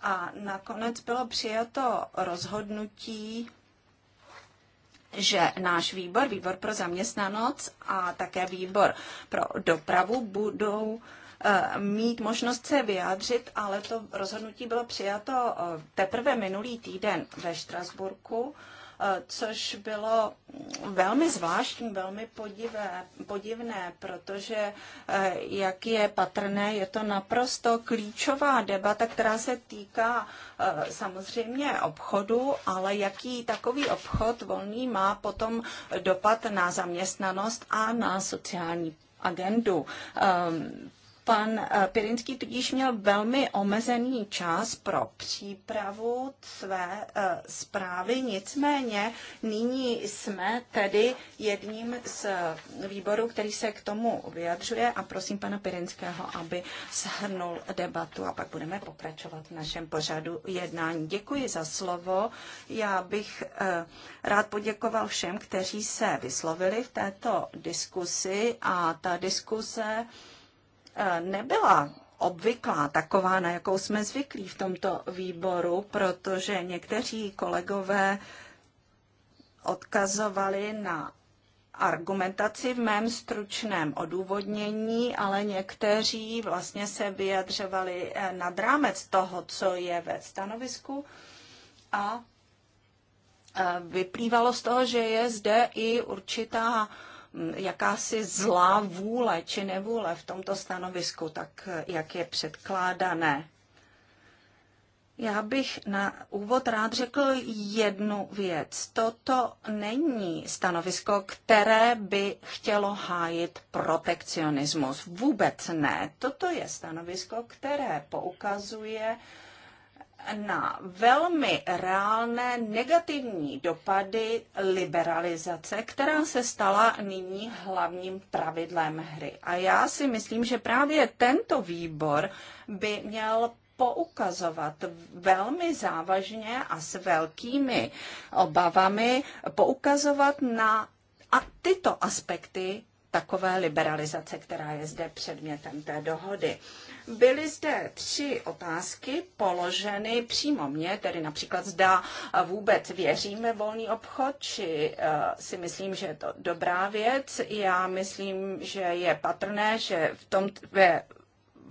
a nakonec bylo přijato rozhodnutí, že náš výbor, výbor pro zaměstnanost a také výbor pro dopravu budou Eh, mít možnost se vyjádřit, ale to rozhodnutí bylo přijato eh, teprve minulý týden ve Štrasburku eh, což bylo velmi zvláštní, velmi podivé, podivné, protože, jak je patrné, je to naprosto klíčová debata, která se týká samozřejmě obchodu, ale jaký takový obchod volný má potom dopad na zaměstnanost a na sociální agendu. Ehm, Pan eh, Pirinský tudíž měl velmi omezený čas pro přípravu své eh, zprávy, nicméně nyní jsme tedy jedním z výborů, který se k tomu vyjadřuje a prosím pana Pirinského, aby shrnul debatu a pak budeme pokračovat v našem pořadu jednání. Děkuji za slovo. Já bych eh, rád poděkoval všem, kteří se vyslovili v této diskusi a ta diskuse Eh, nebyla obvyklá, taková, na jakou jsme zvyklí v tomto výboru, protože někteří kolegové odkazovali na argumentaci v mém stručném odůvodnění, ale někteří vlastně se vyjadřovali eh, nad rámec toho, co je ve stanovisku a eh, vyplývalo z toho, že je zde i určitá jakási zlá vůle či nevůle v tomto stanovisku, tak jak je předkládané. Já bych na úvod rád řekl jednu věc. Toto není stanovisko, které by chtělo hájit protekcionismus. Vůbec ne. Toto je stanovisko, které poukazuje na velmi reálné negativní dopady liberalizace, která se stala nyní hlavním pravidlem hry. A já si myslím, že právě tento výbor by měl poukazovat velmi závažně a s velkými obavami poukazovat na a tyto aspekty takové liberalizace, která je zde předmětem té dohody. Byly zde tři otázky položeny přímo mně, tedy například zda vůbec věřím ve volný obchod, či eh, si myslím, že je to dobrá věc. Já myslím, že je patrné, že v tom, ve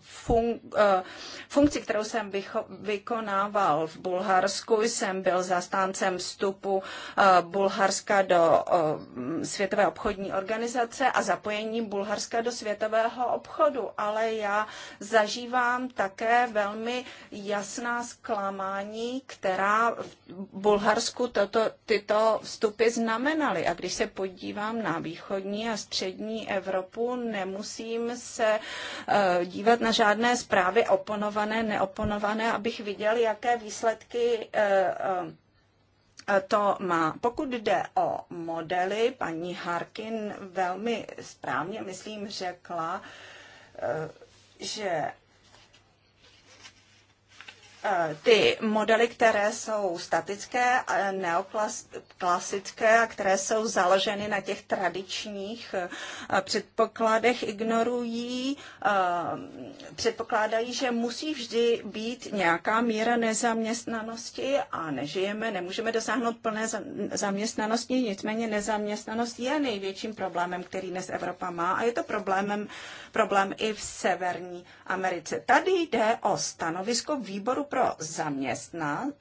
fun, eh, funkci, kterou jsem vykonával v Bulharsku, jsem byl zastáncem vstupu eh, Bulharska do eh, Světové obchodní organizace a zapojení Bulharska do světového obchodu, ale já zažívám také velmi jasná zklamání, která v Bulharsku toto, tyto vstupy znamenaly. A když se podívám na východní a střední Evropu, nemusím se dívat na žádné zprávy oponované, neoponované, abych viděl, jaké výsledky eh, eh, to má. Pokud jde o modely, paní Harkin velmi správně, myslím, řekla, eh, že Eh, ty modely, které jsou statické, neoklasické a které jsou založeny na těch tradičních eh, předpokladech, ignorují, eh, předpokládají, že musí vždy být nějaká míra nezaměstnanosti a nežijeme, nemůžeme dosáhnout plné zaměstnanosti, nicméně nezaměstnanost je největším problémem, který dnes Evropa má a je to problémem, problém i v Severní Americe. Tady jde o stanovisko výboru pro pro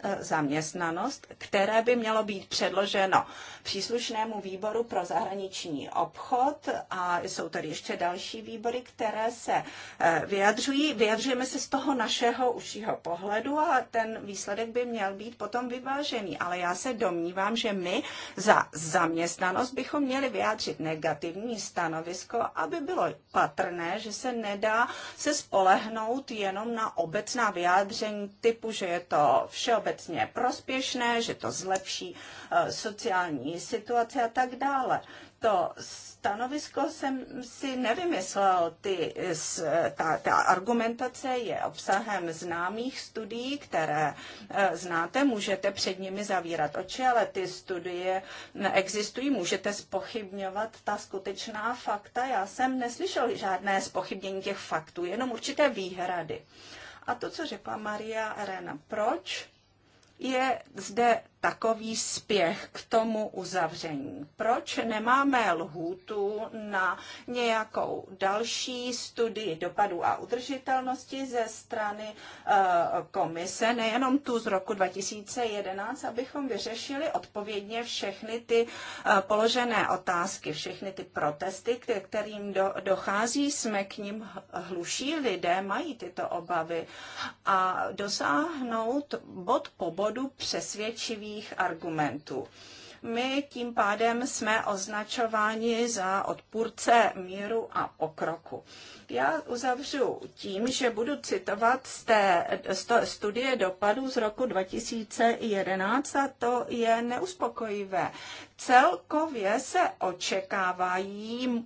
eh, zaměstnanost, které by mělo být předloženo příslušnému výboru pro zahraniční obchod a jsou tady ještě další výbory, které se eh, vyjadřují. Vyjadřujeme se z toho našeho užšího pohledu a ten výsledek by měl být potom vyvážený. Ale já se domnívám, že my za zaměstnanost bychom měli vyjádřit negativní stanovisko, aby bylo patrné, že se nedá se spolehnout jenom na obecná vyjádření typu, že je to všeobecně prospěšné, že to zlepší eh, sociální situaci a tak dále to stanovisko jsem si nevymyslel. Ty, ta, ta argumentace je obsahem známých studií, které eh, znáte, můžete před nimi zavírat oči, ale ty studie existují, můžete spochybňovat ta skutečná fakta. Já jsem neslyšel žádné spochybnění těch faktů, jenom určité výhrady. A to, co řekla Maria Arena, proč je zde takový spěch k tomu uzavření? Proč nemáme lhůtu na nějakou další studii dopadů a udržitelnosti ze strany eh, komise, nejenom tu z roku 2011, abychom vyřešili odpovědně všechny ty eh, položené otázky, všechny ty protesty, kterým dochází, jsme k ním hluší, lidé mají tyto obavy a dosáhnout bod po bodu přesvědčivý svých argumentů. My tím pádem jsme označováni za odpůrce míru a pokroku. Já uzavřu tím, že budu citovat z té studie dopadů z roku 2011 a to je neuspokojivé. Celkově se očekávají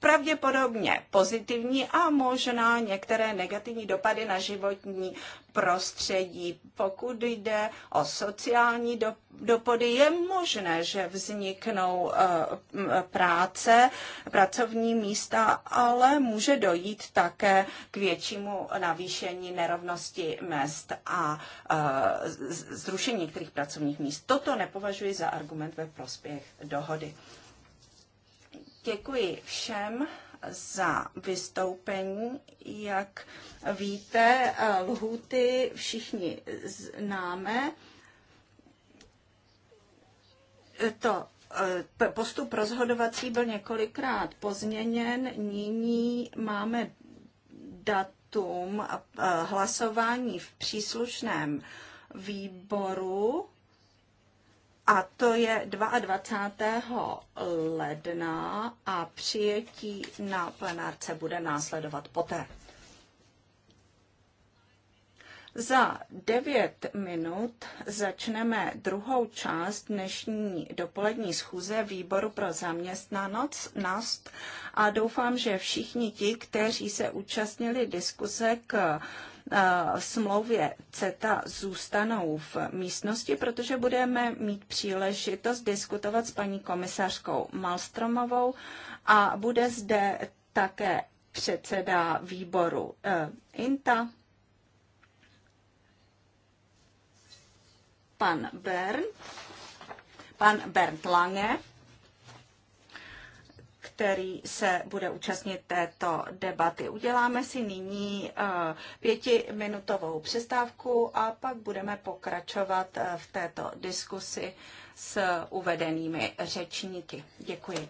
pravděpodobně pozitivní a možná některé negativní dopady na životní prostředí. Pokud jde o sociální dopady, je možné, že vzniknou eh, práce, pracovní místa, ale může dojít také k většímu navýšení nerovnosti mest a eh, zrušení některých pracovních míst. Toto nepovažuji za argument ve prospěch dohody. Děkuji všem za vystoupení. Jak víte, eh, lhuty všichni známe. To eh, postup rozhodovací byl několikrát pozměněn. Nyní máme datum eh, hlasování v příslušném výboru a to je 22. ledna a přijetí na plenárce bude následovat poté. Za devět minut začneme druhou část dnešní dopolední schůze výboru pro zaměstnanost a doufám, že všichni ti, kteří se účastnili diskuse k Eh, smlouvě CETA zůstanou v místnosti, protože budeme mít příležitost diskutovat s paní komisařkou Malstromovou a bude zde také předseda výboru eh, INTA, pan Bern, pan Bernd Lange který se bude účastnit této debaty. Uděláme si nyní eh, pětiminutovou přestávku a pak budeme pokračovat eh, v této diskusi s uvedenými řečníky. Děkuji.